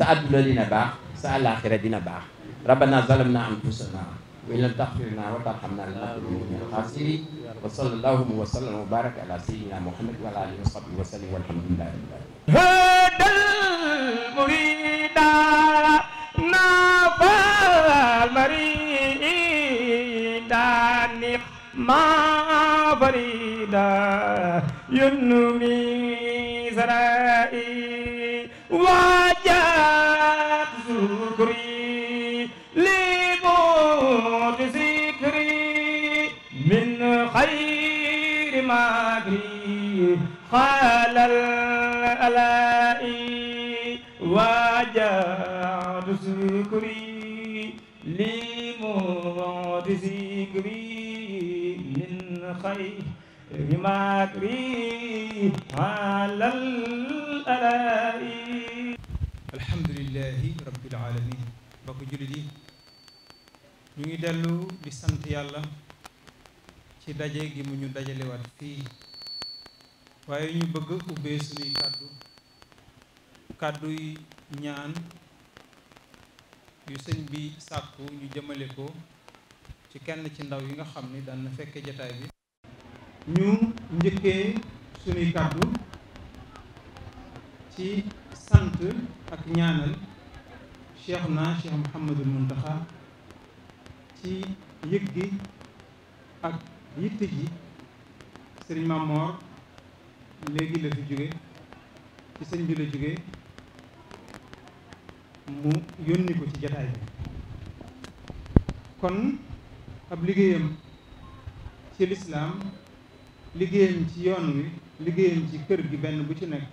sa adduna dina baax sa àllaaxira dina baax rabbana zalamna anfusana wa in lam taghfir lana wa tarhamna lanakunanna min al-khasirin wa sallallahu wa sallam wa baraka ala sayyidina muhammad wa ala alihi wa sahbihi wa sallim walhamdulillahi rabbil alamin hadal murida nafal marida ni'ma farida yunmi sarai وجاءت ذكري لموت ذكري من خير ما أدري قال الألائي وجاءت ذكري لموت ذكري من خير ما أدري قال الخلائق alhamdulilahi rabbil alamin mbokk jullit yi ñu ngi dellu di sant yàlla ci daje gi mu ñu dajalewaat fii waaye ñu bëgg ubbee suñuy kàddu kàdduy ñaan yu sëñ bi sàkku ñu jëmale ko ci kenn ci ndaw yi nga xam ni daan na fekke jataay bi ñu njëkkee suñuy kàddu ci sant ak ñaanal Cheikhna Cheikh Mouhamadul Mountakha ci yëg gi ak yitte ji sëriñ Mamor léegi la fi jóge ci sëñ bi la jóge mu yónni ko ci jataay bi kon ab liggéeyam ci lislaam liggéeyam ci yoon wi liggéeyam ci kër gi benn bu ci nekk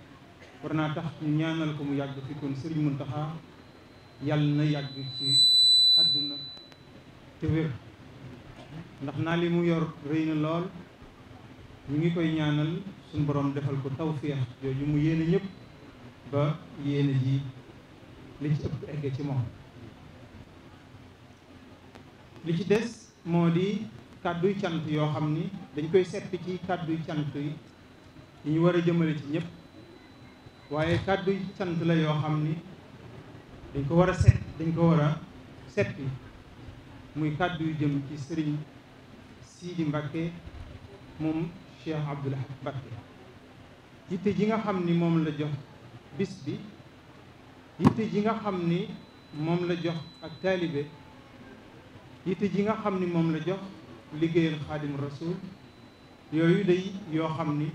war naa tax ñu ñaanal ko mu yàgg fi kon Sëriñ Muntaxa yàlla na yàgg ci àdduna te wér ndax naa li mu yor rëy na lool ñu ngi koy ñaanal suñu borom defal ko tawféex jooju mu yéene ñëpp ba yéene ji li ci ëpp egg ci moom li ci des moo di kàdduy cant yoo xam ni dañ koy seppi ci kàdduy cant yi ñu war a jëmale ci ñëpp waaye kàddu yi sant la yoo xam ni dañ ko war a set dañ ko war a seppi muy kàddu yu jëm ci sëriñ Sidi Mbakke moom Cheikh Abdoul Ahad Mbakke yitte ji nga xam ni moom la jox bis bi yitte ji nga xam ni moom la jox ak taalibe yitte ji nga xam ni moom la jox liggéeyal xaadim rasul yooyu day yoo xam ni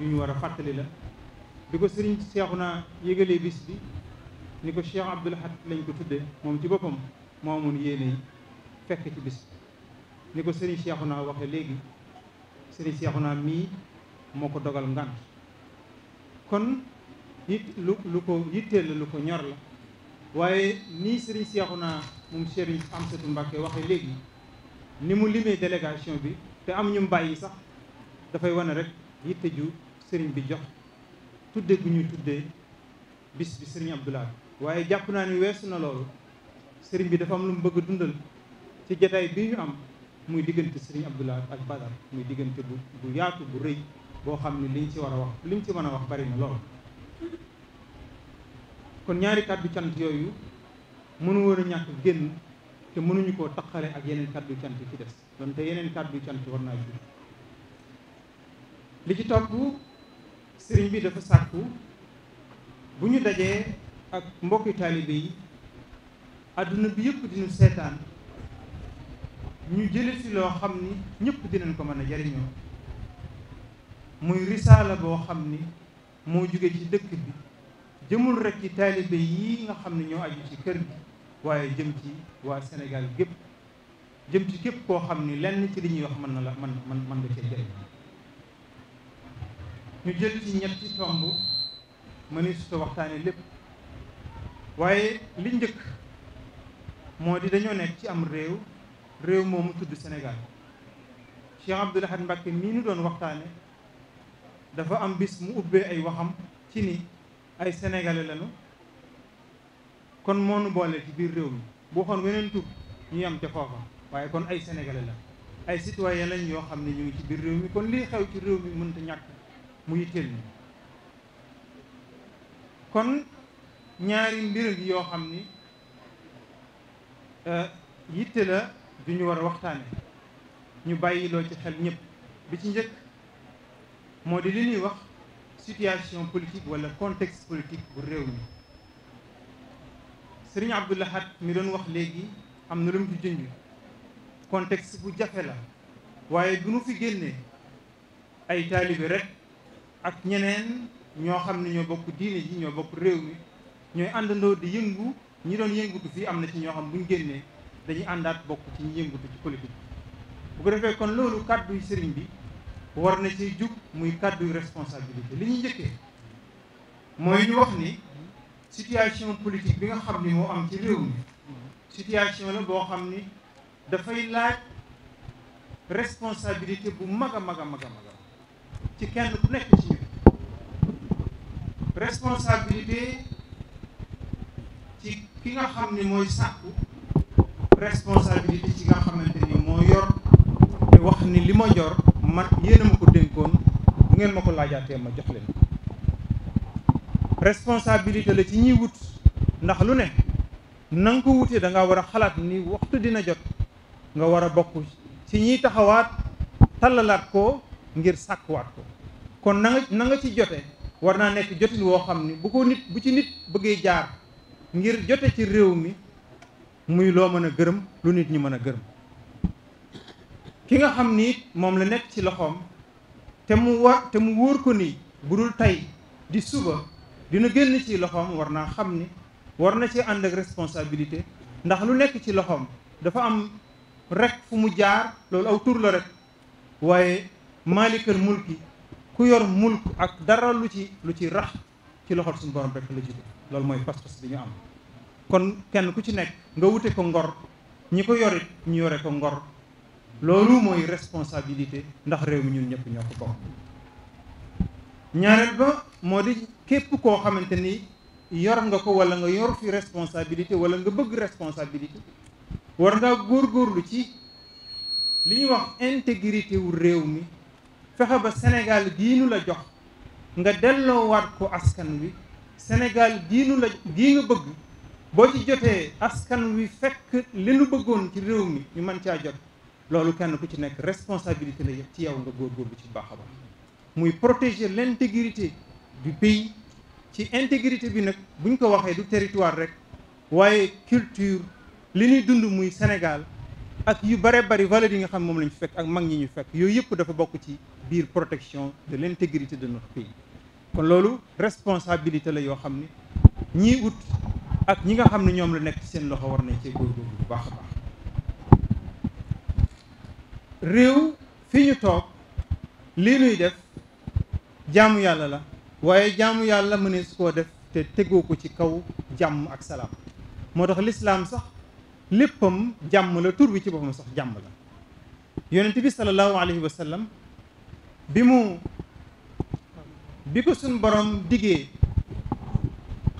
yu ñu war a fàttali la bi ko sëriñ naa yëgalee bis bi ni ko Cheikh Abdoul Ahad lañ ko tudde moom ci boppam moo amoon yéene fekk ci bis ni ko sëriñ naa waxe léegi sëriñ Seexuna mii moo ko dogal ngant kon it lu lu ko yitteel la lu ko ñor la waaye nii sëriñ Seexuna moom sëriñ Amsatu Mbàkke waxe léegi ni mu limee délégation bi te am ñu mbàyyi sax dafay wane rek yitte ju sëriñ bi jox tudde gu ñuy tuddee bis bi sëriñ Abdoulaye waaye jàpp naa ni weesu na loolu sëriñ bi dafa am lu mu bëgg a dundal ci jataay bi ñu am muy diggante sëriñ Abdoulaye ak Badar muy diggante bu bu yaatu bu rëy boo xam ne liñ ci war a wax liñ ci mën a wax bari na lool kon ñaari kàddu cant yooyu mënu war a ñàkk génn te mënuñu ko taqale ak yeneen kàddu cant ci des donte yeneen kàddu cant war naa ji li ci topp sëriñ bi dafa sàkku bu ñu dajee ak mbokki taalibe yi àdduna bi yëpp dina seetaan ñu jële ci loo xam ni ñëpp dinañ ko mën a jariñoo muy risaala boo xam ni moo jóge ci dëkk bi jëmul rek ci taalibe yi nga xam ne ñoo aju ci kër gi waaye jëm ci waa Sénégal gépp jëm ci képp koo xam ni lenn ci li ñuy wax mën na la mën mën mën nga cee jëriñ ñu jël ci ñetti tomb mëni suta waxtaane lépp waaye li njëkk moo di dañoo nekk ci am réew réew moomu tudd Sénégal Cheikh Abdoul Ahad Mbacké mii ñu doon waxtaane dafa am bis mu ubbee ay waxam ci ni ay sénégalais lanu kon moo nu boole ci biir réew mi boo xoon weneen tur ñu yam ca foofa waaye kon ay sénégalais la ay citoyen lañ yoo xam ne ñu ngi ci biir réew mi kon lii xew ci réew mi mënta ñàkk mu yitteel ñu kon ñaari mbir yoo xam ni euh, yitte la du ñu war a waxtaane ñu bàyyiloo ci xel ñëpp bi ci njëkk moo di li ñuy wax situation politique wala contexte politique bu réew mi Sëriñ Abdou Lahad mi doon wax léegi am na lu mu ci junj contexte bu jafe la waaye du ñu fi génnee ay taalibe rek ak ñeneen ñoo xam ne ñoo bokk diine ji ñoo bokk réew mi ñooy àndandoo di yëngu ñi doon yëngutu fii am na ci ñoo xam bu ñu génnee dañuy àndaat bokk ci ñi yëngutu ci politique bu ko defee kon loolu kàdduy sëriñ bi war na ciy jug muy kàdduy responsabilité li ñuy njëkkee mooy ñu wax ni situation politique bi nga xam ni moo am ci réew mi situation la boo xam ni dafay laaj responsabilité bu mag a mag a mag a ci kenn bu nekk ci ñun responsabilité ci ki nga xam ni mooy sàkku responsabilité ci nga xamante ni moo yor te wax ni li ma jor man yéen a ma ko dénkoon bu ngeen ma ko laajaatee ma jox leen responsabilité la ci ñiy wut ndax lu ne na ko wutee da nga war a xalaat ni waxtu dina jot nga war a bokk ci ñiy taxawaat tàllalaat ko ngir sàkkuwaat ko kon na nga na nga ci jote war naa nekk jotin woo xam ni bu ko nit bu ci nit bëggee jaar ngir jote ci réew mi muy loo mën a gërëm lu nit ñi mën a gërëm ki nga xam ni moom la nekk ci loxoom te mu wa te mu wóor ko ni bu dul tey di suba dina génn ci loxoom war naa xam ni war na ci ànd ak responsabilité ndax lu nekk ci loxoom dafa am rek fu mu jaar loolu aw tur rek waaye maalikal mulki ku yor mulk ak dara lu ci lu ci rax ci loxol suñu borom rek la loolu mooy pas-pas bi ñu am kon kenn ku ci nekk nga wute ko ngor ñi ko yorit ñu yore ko ngor loolu mooy responsabilité ndax réew mi ñun ñëpp ñoo ko bokk ñaareel ba moo di képp koo xamante ni yor nga ko wala nga yor fi responsabilité wala nga bëgg responsabilité war ngaa góorgóorlu ci li ñuy wax intégrité wu réew mi fexe ba Sénégal gii nu la jox nga delloowaat ko askan wi Sénégal gii nu la gii nga bëgg boo ci jotee askan wi fekk li nu bëggoon ci réew mi ñu mën caa jot loolu kenn ku ci nekk responsabilité la yëpp ci yow nga góorgóorlu ci baax a baax muy protéger l'intégrité du pays ci intégrité bi nag buñ ko waxee du territoire rek waaye culture li ñuy dund muy Sénégal ak yu bare bari valeurs yi nga xam moom lañu fekk ak mag ñi ñu fekk yooyu yëpp dafa bokk ci biir protection de l'intégrité de notre pays kon loolu responsabilité la yoo xam ne ñii wut ak ñi nga xam ne ñoom la nekk ci seen loxo war nañ cee góorgóorlu bu baax baax réew fi ñu toog lii nuy def jaamu yàlla la waaye jaamu yàlla mënees koo def te tegoo ko ci kaw jàmm ak salaam moo tax lislaam sax léppam jàmm la tur bi ci boppam sax jàmm la yonent bi sallallahu alayhi wa sallam bi mu bi ko suñ borom diggee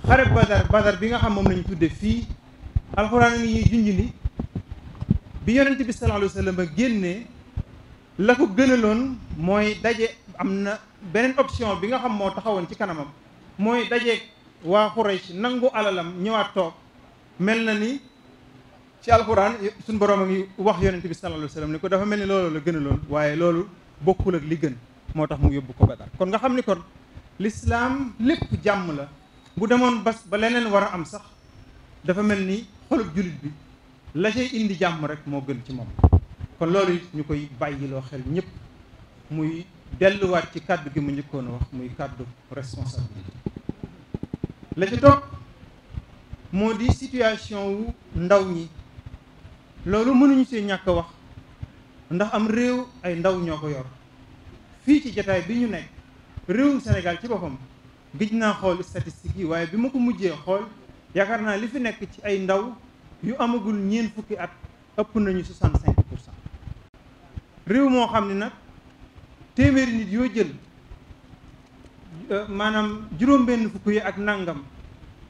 xare badar badar bi nga xam moom lañu tudde fii alxuraan ngi ñuy ni bi yonent bi sallallahu alayhi wa a génnee la ko gënaloon mooy daje am na beneen option bi nga xam moo taxawoon ci kanamam mooy daje waa Quraysh nangu alalam ñëwaat toog mel na ni ci alxuraan suñu borom a ngi wax yonent bi sallallahu alayhi wa sallam ni ko dafa mel ni loolu la gën a loon waaye loolu bokkul ak li gën moo tax mu yóbbu ko Badar kon nga xam ni kon lislaam lépp jàmm la bu demoon bas ba leneen war a am sax dafa mel ni xolub jullit bi la cay indi jàmm rek moo gën ci moom kon loolu ñu koy bàyyiloo xel ñëpp muy delluwaat ci kàddu gi mu njëkkoon wax muy kàddu responsabilité la ci toog moo di situation wu ndaw ñi loolu mënuñu see ñàkk wax ndax am réew ay ndaw ñoo ko yor fii ci jataay bi ñu nekk réewum senegal ci boppam gij naa xool statistiques yi waaye bi ma ko mujjee xool yaakaar naa li fi nekk ci ay ndaw yu amagul ñeent fukki at ëpp nañu 65 pour cent réew moo xam ne nag téeméeri nit yoo jël euh, maanaam juróom-benn fukk yi ak nangam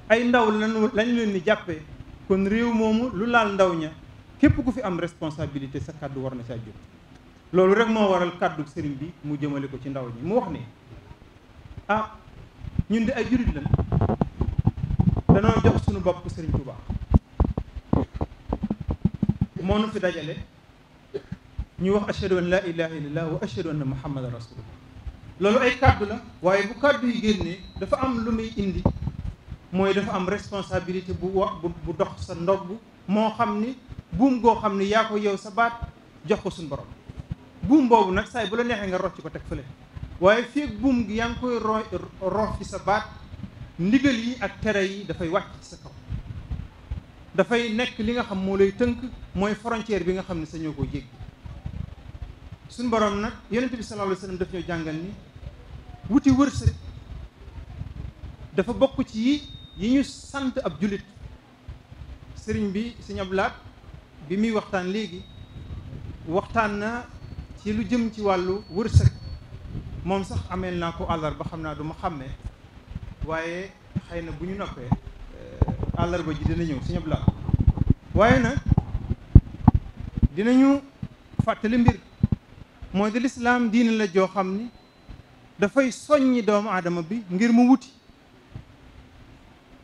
ay ndaw lan lañ leen di jàppee kon réew moomu lu laal ndaw ña képp ku fi am responsabilité sa kàddu war na saa jóg loolu rek moo waral kàddu sëriñ bi mu jëmale ko ci ndaw ñi mu wax ne ah ñun di ay jurit la danoo jox suñu bopp sëriñ Tuubaa moo nu fi dajale ñu wax ashhadu an laa ilaha illallah wa ashhadu anna muhammadan rasulullah loolu ay kàddu la waaye bu kàddu yi génnee dafa am lu muy indi mooy dafa am responsabilité bu wax bu dox sa ndog moo xam ni buum goo xam ne yaa ko yow sa baat jox ko suñu borom buum boobu nag saay bu la neexee nga rocc ko teg fële waaye fii ak buum gi yaa ngi koy roof ci sa baat ndigal yi ak tere yi dafay wàcc ci sa kaw dafay nekk li nga xam moo lay tënk mooy frontière bi nga xam ne sa ko koo suñ suñu nag yonent bi sallallahu alayhi wasallam daf ñoo jàngal ni wuti wërsëg dafa bokk ci yi yi ñu sant ab jullit sëriñ bi sëñ Abdu bi muy waxtaan léegi waxtaan na ci lu jëm ci wàllu wërsëg moom sax ameel naa ko àllarba xam naa duma ma xàmmee waaye xëy na bu ñu noppee euh, àllarba ji dina ñëw suñu laa waaye nag dinañu fàttali mbir mooy de lislaam diine la joo xam ni dafay soññi doomu aadama bi ngir mu wuti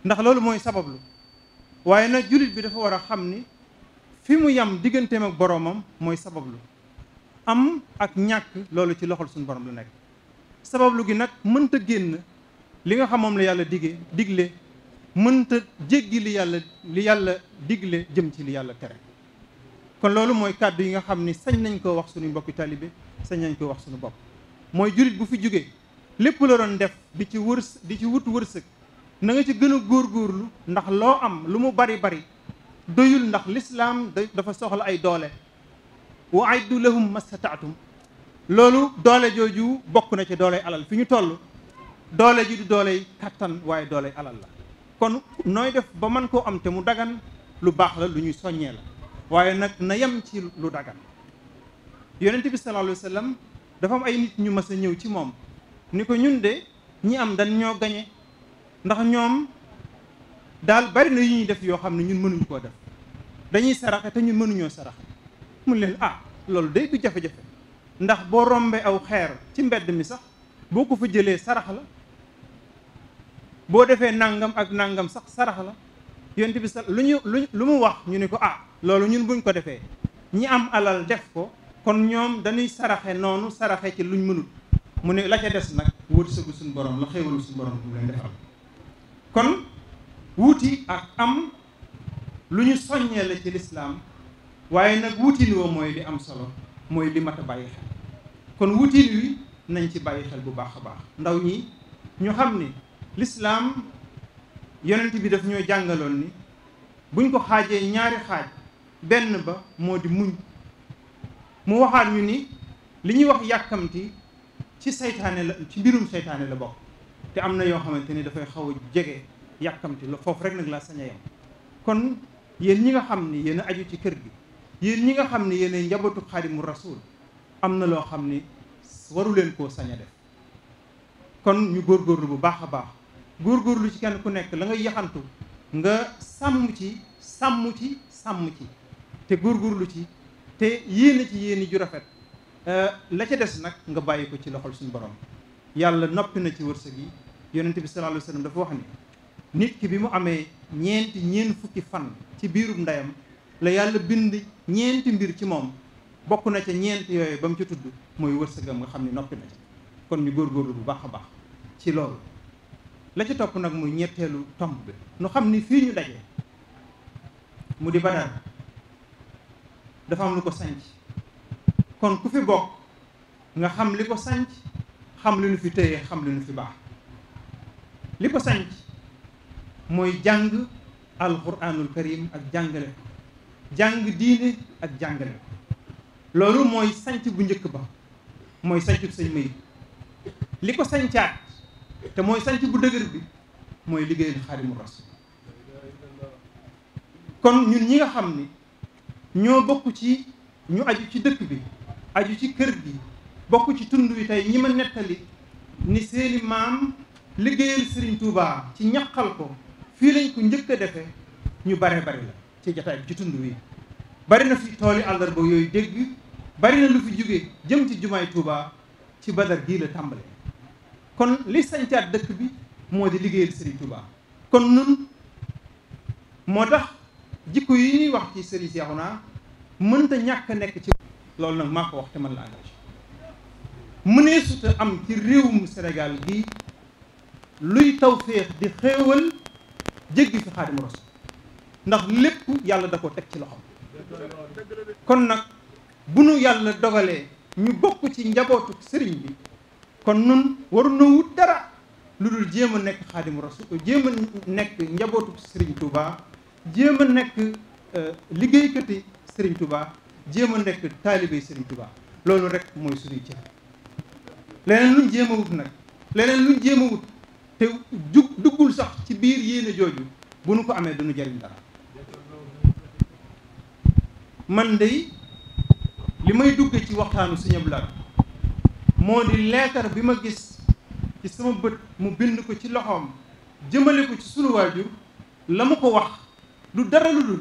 ndax loolu mooy sabablu waaye nag jullit bi dafa war a xam ni fi mu yam digganteem ak boroomam mooy sabablu am ak ñàkk loolu ci loxol suñu borom lu nekk sabablu gi nag mënta génn li nga xam moom la yàlla digge digle mënta jéggi li yàlla li yàlla digle jëm ci li yàlla tere kon loolu mooy kàddu yi nga xam ni sañ nañ koo wax suñu mbokki taalibe sañ nañ koo wax suñu bopp mooy jurit bu fi jógee lépp la doon def di ci di ci wut wërsëg na nga ci gën a góorlu ndax loo am lu mu bari bari doyul ndax lislaam dafa soxla ay doole wa aiddu lahum mastataatum loolu doole jooju bokk na ci doole alal fi ñu toll doole ji du dooley kàttan waaye doole alal la kon nooy def ba mën koo am te mu dagan lu baax la lu ñuy soññee la waaye nag na yam ci lu dagan yonent bi sallallahu alayhi wa dafa am ay nit ñu mas a ñëw ci moom ni ko ñun de ñi am dañ ñoo gañe ndax ñoom daal bari na yu ñuy def yoo xam ne ñun mënuñu koo def dañuy saraxe te ñun mënuñoo saraxe mun leen ah loolu day du jafe-jafe ndax boo rombee aw xeer ci mbedd mi sax boo ko fa jëlee sarax la boo defee nangam ak nangam sax sarax la yonent bi sax lu ñu lu mu wax ñu ne ko ah loolu ñun buñ ko defee ñi am alal def ko kon ñoom dañuy saraxe noonu saraxe ci luñ mënul mu ne la ca des nag wërsëgu suñu borom la xéewalu suñu borom bu leen defal kon wuti ak am lu ñu soññee la ci lislaam waaye nag wutin woo mooy bi am solo mooy li mat a bàyyi xel kon wutin wi nañ ci bàyyi xel bu baax a baax ndaw ñi ñu xam ni lislaam yonent bi daf ñoo jàngaloon ni buñ ko xaajee ñaari xaaj benn ba moo di muñ mu waxaat ñu ni li ñuy wax yàkkamti ci seytaane la ci mbirum seytaane la bokk te am na yoo xamante ni dafay xaw a jege yàkkamti la foofu rek nag la sañ yam kon yéen ñi nga xam ni yéen aju ci kër gi yéen ñi nga xam ni yéen ay njabootu xaadimu rasul am na loo xam ni waru leen koo sañ def kon ñu góor góorlu bu baax a baax góor góorlu ci kenn ku nekk la nga yaxantu nga sàmm ci sàmm ci sàmm ci te góor góorlu ci te yéen yéene ci yéen yéene ju rafet eh, la ca des nag nga bàyyi ko ci loxol suñu borom yàlla noppi na ci wërsëg yi yonent bi sallallahu alayhi wa sallam dafa wax ni nit ki bi mu amee ñeenti ñeen fukki fan ci biirum ndeyam la yàlla bind ñeenti mbir ci moom bokk na ca ñeent yooyu ba mu ci tudd mooy wërsëgam nga xam ni noppi na ci kon ñu góor góorgóorlu bu baax a baax ci loolu la ci topp nag muy ñetteelu tomb bi nu xam ni fii ñu daje mu di badar dafa am lu ko sanc kon ku fi bokk nga xam li ko sanc xam li nu fi téye xam li nu fi baax li ko sanc mooy jàng alquranul karim ak jàngale jàng diine ak jàngale loolu mooy sanc bu njëkk ba mooy sancu sëñ Mayib li ko sancaat te mooy sanc bu dëgër bi mooy liggéeyal xaadimu rasul kon ñun ñi nga xam ni ñoo bokk ci ñu aju ci dëkk bi aju ci kër gi bokk ci tund wi tey ñi ma nettali ni seeni maam liggéeyal Serigne Touba ci ñaqal ko fii lañ ko njëkk a defee ñu bare bari la ci jataay bi ci tund wi bari na fi tooli àllarba yooyu dégg bari na lu fi jóge jëm ci jumaay Touba ci badar gii la tàmbale kon li sancaat dëkk bi moo di liggéeyal Serigne Touba kon nun moo tax jikko yi ñuy wax ci Serigne Cheikhouna mënta ñàkk nekk ci loolu nag maa ko wax te man la engagé mënee suta am ci réewum Sénégal gi luy tawféex di xéewal jéggi fi xaadimu rasul ndax lépp yàlla da ko teg ci loxoom kon nag bu nu yàlla dogalee ñu bokk ci njabootu sëriñ bi kon nun waru na wut dara lu dul jéem a nekk xaadimu rasul jéema a nekk njabootu sëriñ Touba jéema nekk liggéeykati sëriñ Touba jéem a nekk taalibey euh, sëriñ Touba loolu rek mooy suñuy cër leneen luñ jéem a wut nag leneen luñ jéem wut te jug duggul sax ci biir yéene jooju bu nu ko amee du nu jariñ dara man dey li may dugge ci waxtaanu Sëñ Abdu Lahad moo di leetar bi ma gis ci sama bët mu bind ko ci loxoom jëmale ko ci sunu waajur la mu ko wax lu dara lu dul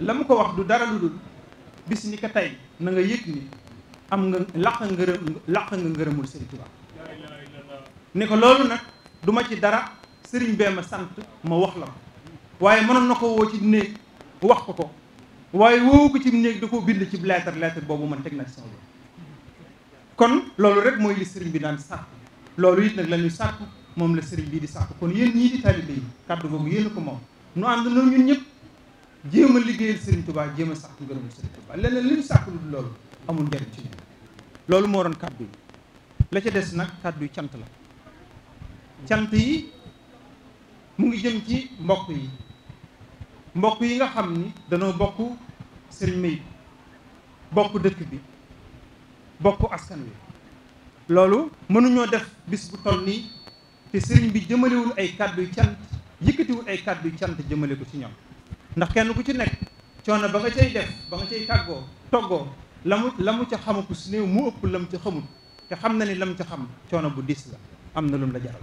la mu ko wax du dara lu dul bis ni ko tey na nga yëg ni am nga laq nga ngërëm laq nga ngërëmul sëriñ Tuubaa ne ko loolu nag duma ci dara sëriñ bee ma sant ma wax la ko waaye mënoon na ko woo ci néeg wax ko ko waaye woowu ko ci néeg da koo bind cib lettre lettre boobu ma teg na ci sama kon loolu rek mooy li sëriñ bi daan sàkk loolu it nag la ñuy moom la sëriñ bii di sàkk kon yéen ñii di taalibe yi kàddu boobu yéen ko moom nu ànd noonu ñun ñëpp jéem a liggéeyal Serigne Touba jéem a sàkk ngërëmul Serigne Touba leneen li mu sàkk lu loolu amul njariñ ci loolu moo doon kàddu yi la ca des nag kàddu cant la cant yi mu ngi jëm ci mbokk yi mbokk yi nga xam ni danoo bokk sëriñ May bokk dëkk bi bokk askan wi loolu mënuñoo def bis bu toll nii te sëriñ bi jëmalewul ay kàddu cant yëkkatiwul ay kàddu cant jëmale ko ci ñoom ndax kenn ku ci nekk coono ba nga cay def ba nga cay tàggoo toggoo la mu la mu ca xamaku si néew mu ëpp la mu ca xamul te xam na ni la mu ca xam coono bu diis la am na lum la jaral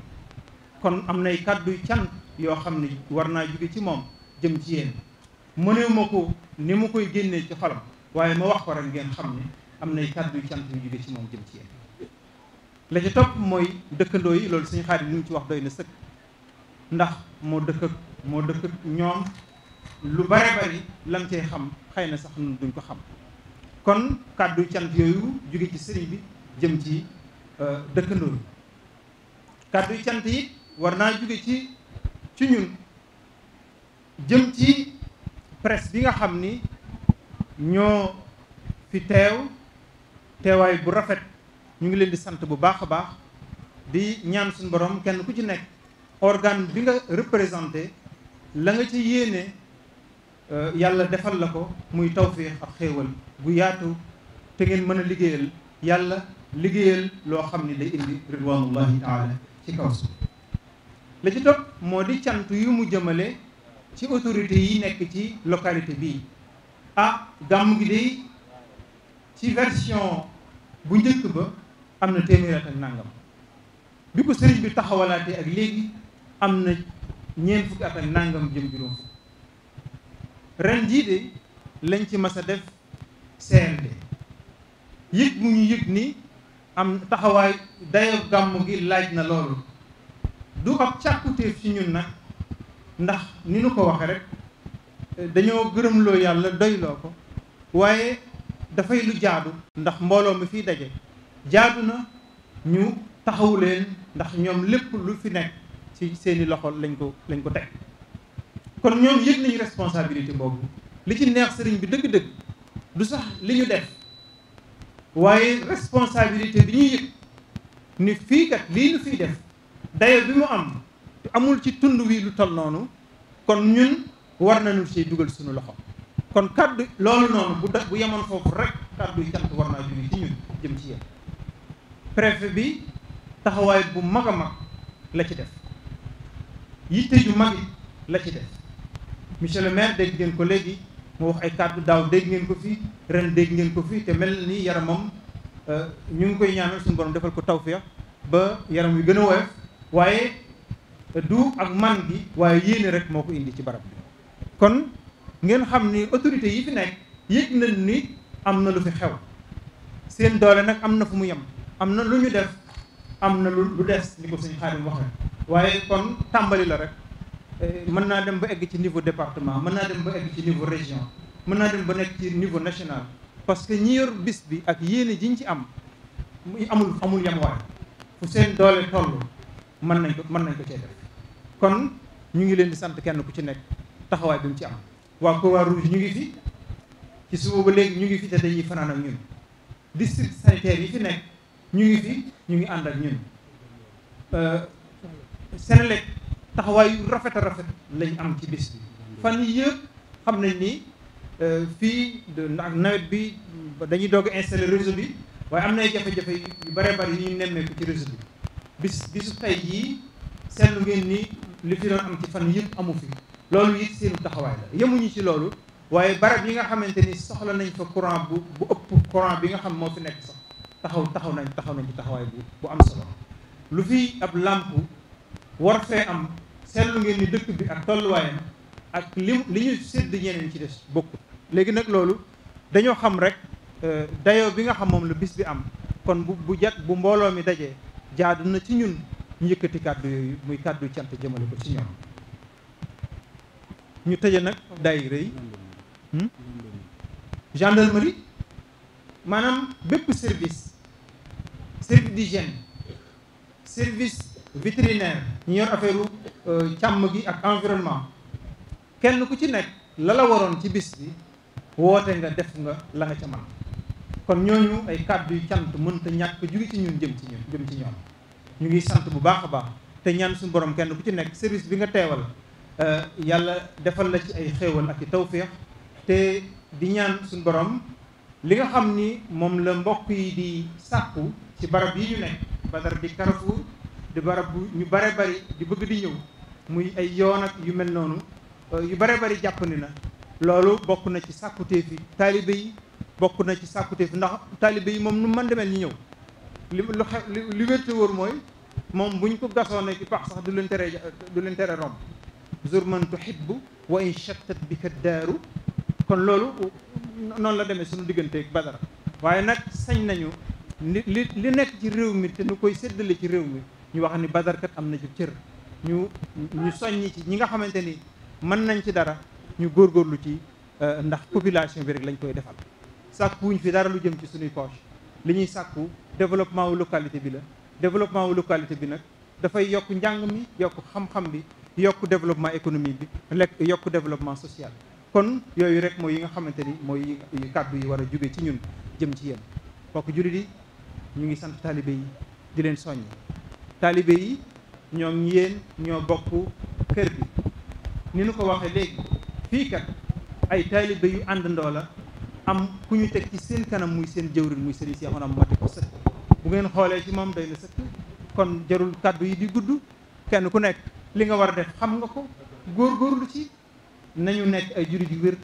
kon am nay kàddu can yoo xam ne war naa jóge ci moom jëm ci yéen mënew ma ko ni mu koy génnee ci xolam waaye ma wax ko rek ngeen xam ne am nay kàddu cant yu jóge ci moom jëm ci yéen la ca topp mooy dëkkandoo yi loolu suñu xaar yi ni mu ci wax doy na sëkk ndax moo dëkk moo dëkk ñoom lu bare bari lam cee xam xëy na sax nun duñ ko xam kon kàddu cant yooyu jóge ci sëriñ bi jëm ci euh, dëkkandoo yi kàddu cant yi war naa jóge ci ci ñun jëm ci presse bi nga xam ni ñoo fi teew teewaay bu rafet ñu ngi leen di sant bu baax a baax di ñaan suñu borom kenn ku ci nekk organe bi nga représenté la nga ci yéene Euh, yàlla defal la ko muy tawfiix ak xéewal gu yaatu te ngeen mën a liggéeyal yàlla liggéeyal loo xam ni day indi ridwanullahi taala ci kaw si la ci topp moo di cant yu mu jëmale ci autorité yi nekk ci localité bii ah gàmm gi day ci version bu njëkk ba am na téeméer at ak nangam bi ko sëriñ bi taxawalaatee ak léegi am na ñeent fukki at ak nangam jëm juróom ren jii de lañ ci mas a def CRD yëg mu ñu yëg ni am taxawaay dayo gàmm gi laaj na loolu du ab càkkutéef ci ñu nag ndax ni nu ko waxe rek dañoo gërëmloo yàlla doyloo ko waaye dafay lu jaadu ndax mbooloo mi fiy daje jaadu na ñu taxawu leen ndax ñoom lépp lu fi nekk ci seeni loxo lañ ko lañ ko teg kon ñoom yëg nañu responsabilité boobu li ci neex sëriñ bi dëgg-dëgg du sax li ñu def waaye responsabilité bi ñuy yëg ni fii kat lii nu fiy def dayo bi mu am amul ci tund wi lu tol noonu kon ñun war nañu ci dugal suñu loxo kon kaddu loolu noonu bu da bu yemoon foofu rek kaddu yi cant war naa jóge ci ñun jëm ci yéen préfet bi taxawaay bu mag a mag la ci def yitte ju mag la ci def monsieur le maire dégg ngeen ko léegi mu wax ay kàddu daaw dégg ngeen ko fi ren dégg ngeen ko fii te mel ni yaramam euh, ñu ngi koy ñaanal suñ borom defal ko tawféex ba yaram wi gën a woyof waaye du ak man gi waaye yéene rek moo ko indi ci barab bi kon ngeen xam ni autorités yi fi nekk yëg nañ ni am na lu fi xew seen doole nag am na fu mu yem am na lu ñu def am na lu lu des ni ko suñu xaarim waxee waaye kon tàmbali la rek Euh, mën naa dem ba egg ci niveau département mën naa dem ba egg ci niveau région mën naa dem ba nekk ci niveau national parce que ñi yor bis bi ak yéene ji ñu ci am amul amul yamuwaay fu seen doole toll mën nañ ko mën nañ ko cee def kon ñu ngi leen di sant kenn ku ci nekk taxawaay bi mu ci am waa Croix Rouge ñu ngi fi ci suba ba léegi ñu ngi fi te dañuy fanaan ak ñun district sanitaire yi fi nekk ñu ngi fi ñu ngi ànd ak ñun euh, Sénélec taxawaayu rafet a rafet lañ am ci bis bi fan yi yëpp xam nañ ni euh, fii ak nawet bi dañuy doog a installé réseau bi waaye am na ay jafe-jafe yu bare bari yu ñu nemmeeku ci réseau bi bis bisu tey jii lu ngeen nii li fi doon am ci fan yëpp amu fi loolu it seen taxawaay la yemuñu ci loolu waaye barab yi nga xamante ni soxla nañ fa courant bu bu ëpp courant bi nga xam moo fi nekk sax taxaw taxaw nañ taxaw nañ ci taxawaay bu am solo lu fi ab làmp war fee am seetlu ngeen ni dëkk bi ak tolluwaayam ak li li ñu sédd ñeneen ci des bokkut léegi nag loolu dañoo xam rek euh, dayoo bi nga xam moom la bis bi am kon bu bu jat bu mbooloo mi dajee jaadu na ci ñun ñu yëkkati kàddu yooyu muy kàddu cant jëmale ko ci ñoom ñu tëje nag daayira yi hmm? gendarmerie maanaam bépp service service d'hygiène service vétérinaire ñu yor affaire u euh, càmm gi ak environnement kenn ku ci nekk la la waroon ci bis bi woote nga def nga la nga ca man kon ñooñu ay kàddu yu cant mënta ñàkk jóge ci ñun jëm ci ñun jëm ci ñoom ñu ngi sant bu baax a baax te ñaan suñu borom kenn ku ci nekk service bi nga teewal euh, yàlla defal la ci ay xéewal ak i tawféex te di ñaan suñu borom li nga xam ni moom la mbokk yi di sàkku ci barab yi ñu nekk badar di Carrefour di barab bu ñu bare bari di bëgg di ñëw muy ay yoon ak yu mel noonu euh, yu bare bari jàppandi na loolu bokk na ci sàkkuteefi taalibe yi bokk na ci sàkkuteefi ndax taalibe yi moom nu man demee ñu ñëw li lu xew li wérte wóor mooy moom bu ñu ko nag i pax sax du leen tere du leen tere romb zur bu tuhibbu wa in bi bika daaru kon loolu noonu la demee suñu digganteeg Badar waaye nag sañ nañu li li nekk ci réew mi te nu koy séddale ci réew mi ñu wax ni badarkat am na ci cër ñu ñu soññ ci ñi nga xamante ni mën nañ ci dara ñu góor góorlu ci euh, ndax population bi rek lañ koy defal sàkkuwuñ fi dara lu jëm ci suñuy poche li ñuy sàkku développement localité bi la développement localité bi nag dafay yokk njàng mi yokk xam-xam bi yokk développement économique bi lekk yokk développement social kon yooyu rek mooy yi nga xamante ni mooy kàddu yi war a jóge ci ñun jëm ci yéen mbokk jullit di ñu ngi sant taalibe yi di leen soññ taalibe yi ñoom yéen ñoo bokk kër gi ni nu ko waxee léegi fii kat ay taalibe yu àndandoo la am ku ñu teg ci seen kanam muy seen jëwrin muy sëriñ Cheikhouna mate ko sëkk bu ngeen xoolee ci moom day na sëkk kon jarul kàddu yi di gudd kenn ku nekk li nga war a def xam nga ko góor góorgóorlu ci nañu nekk ay jurit yu wér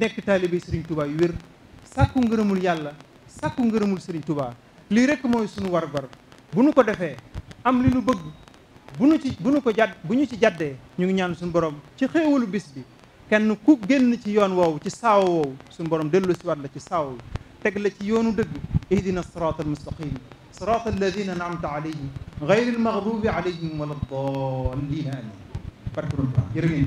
nekk taalibe sëriñ Touba yu wér sàkku ngërëmul yàlla sàkku ngërëmul sëriñ Touba lii rek mooy suñu war-war bu nu ko defee am li nu bëgg bu nu ci bu nu ko jàdd bu ñu ci jàddee ñu ngi ñaan suñu borom ci xéewalu bis bi kenn ku génn ci yoon woowu ci saaw woowu suñu borom dellu si waat la ci saaw wi teg la ci yoonu dëgg ihdina siraat almustaqim siraat alladina anamta alayhim gayri almaghdubi alayhim wala dallin amin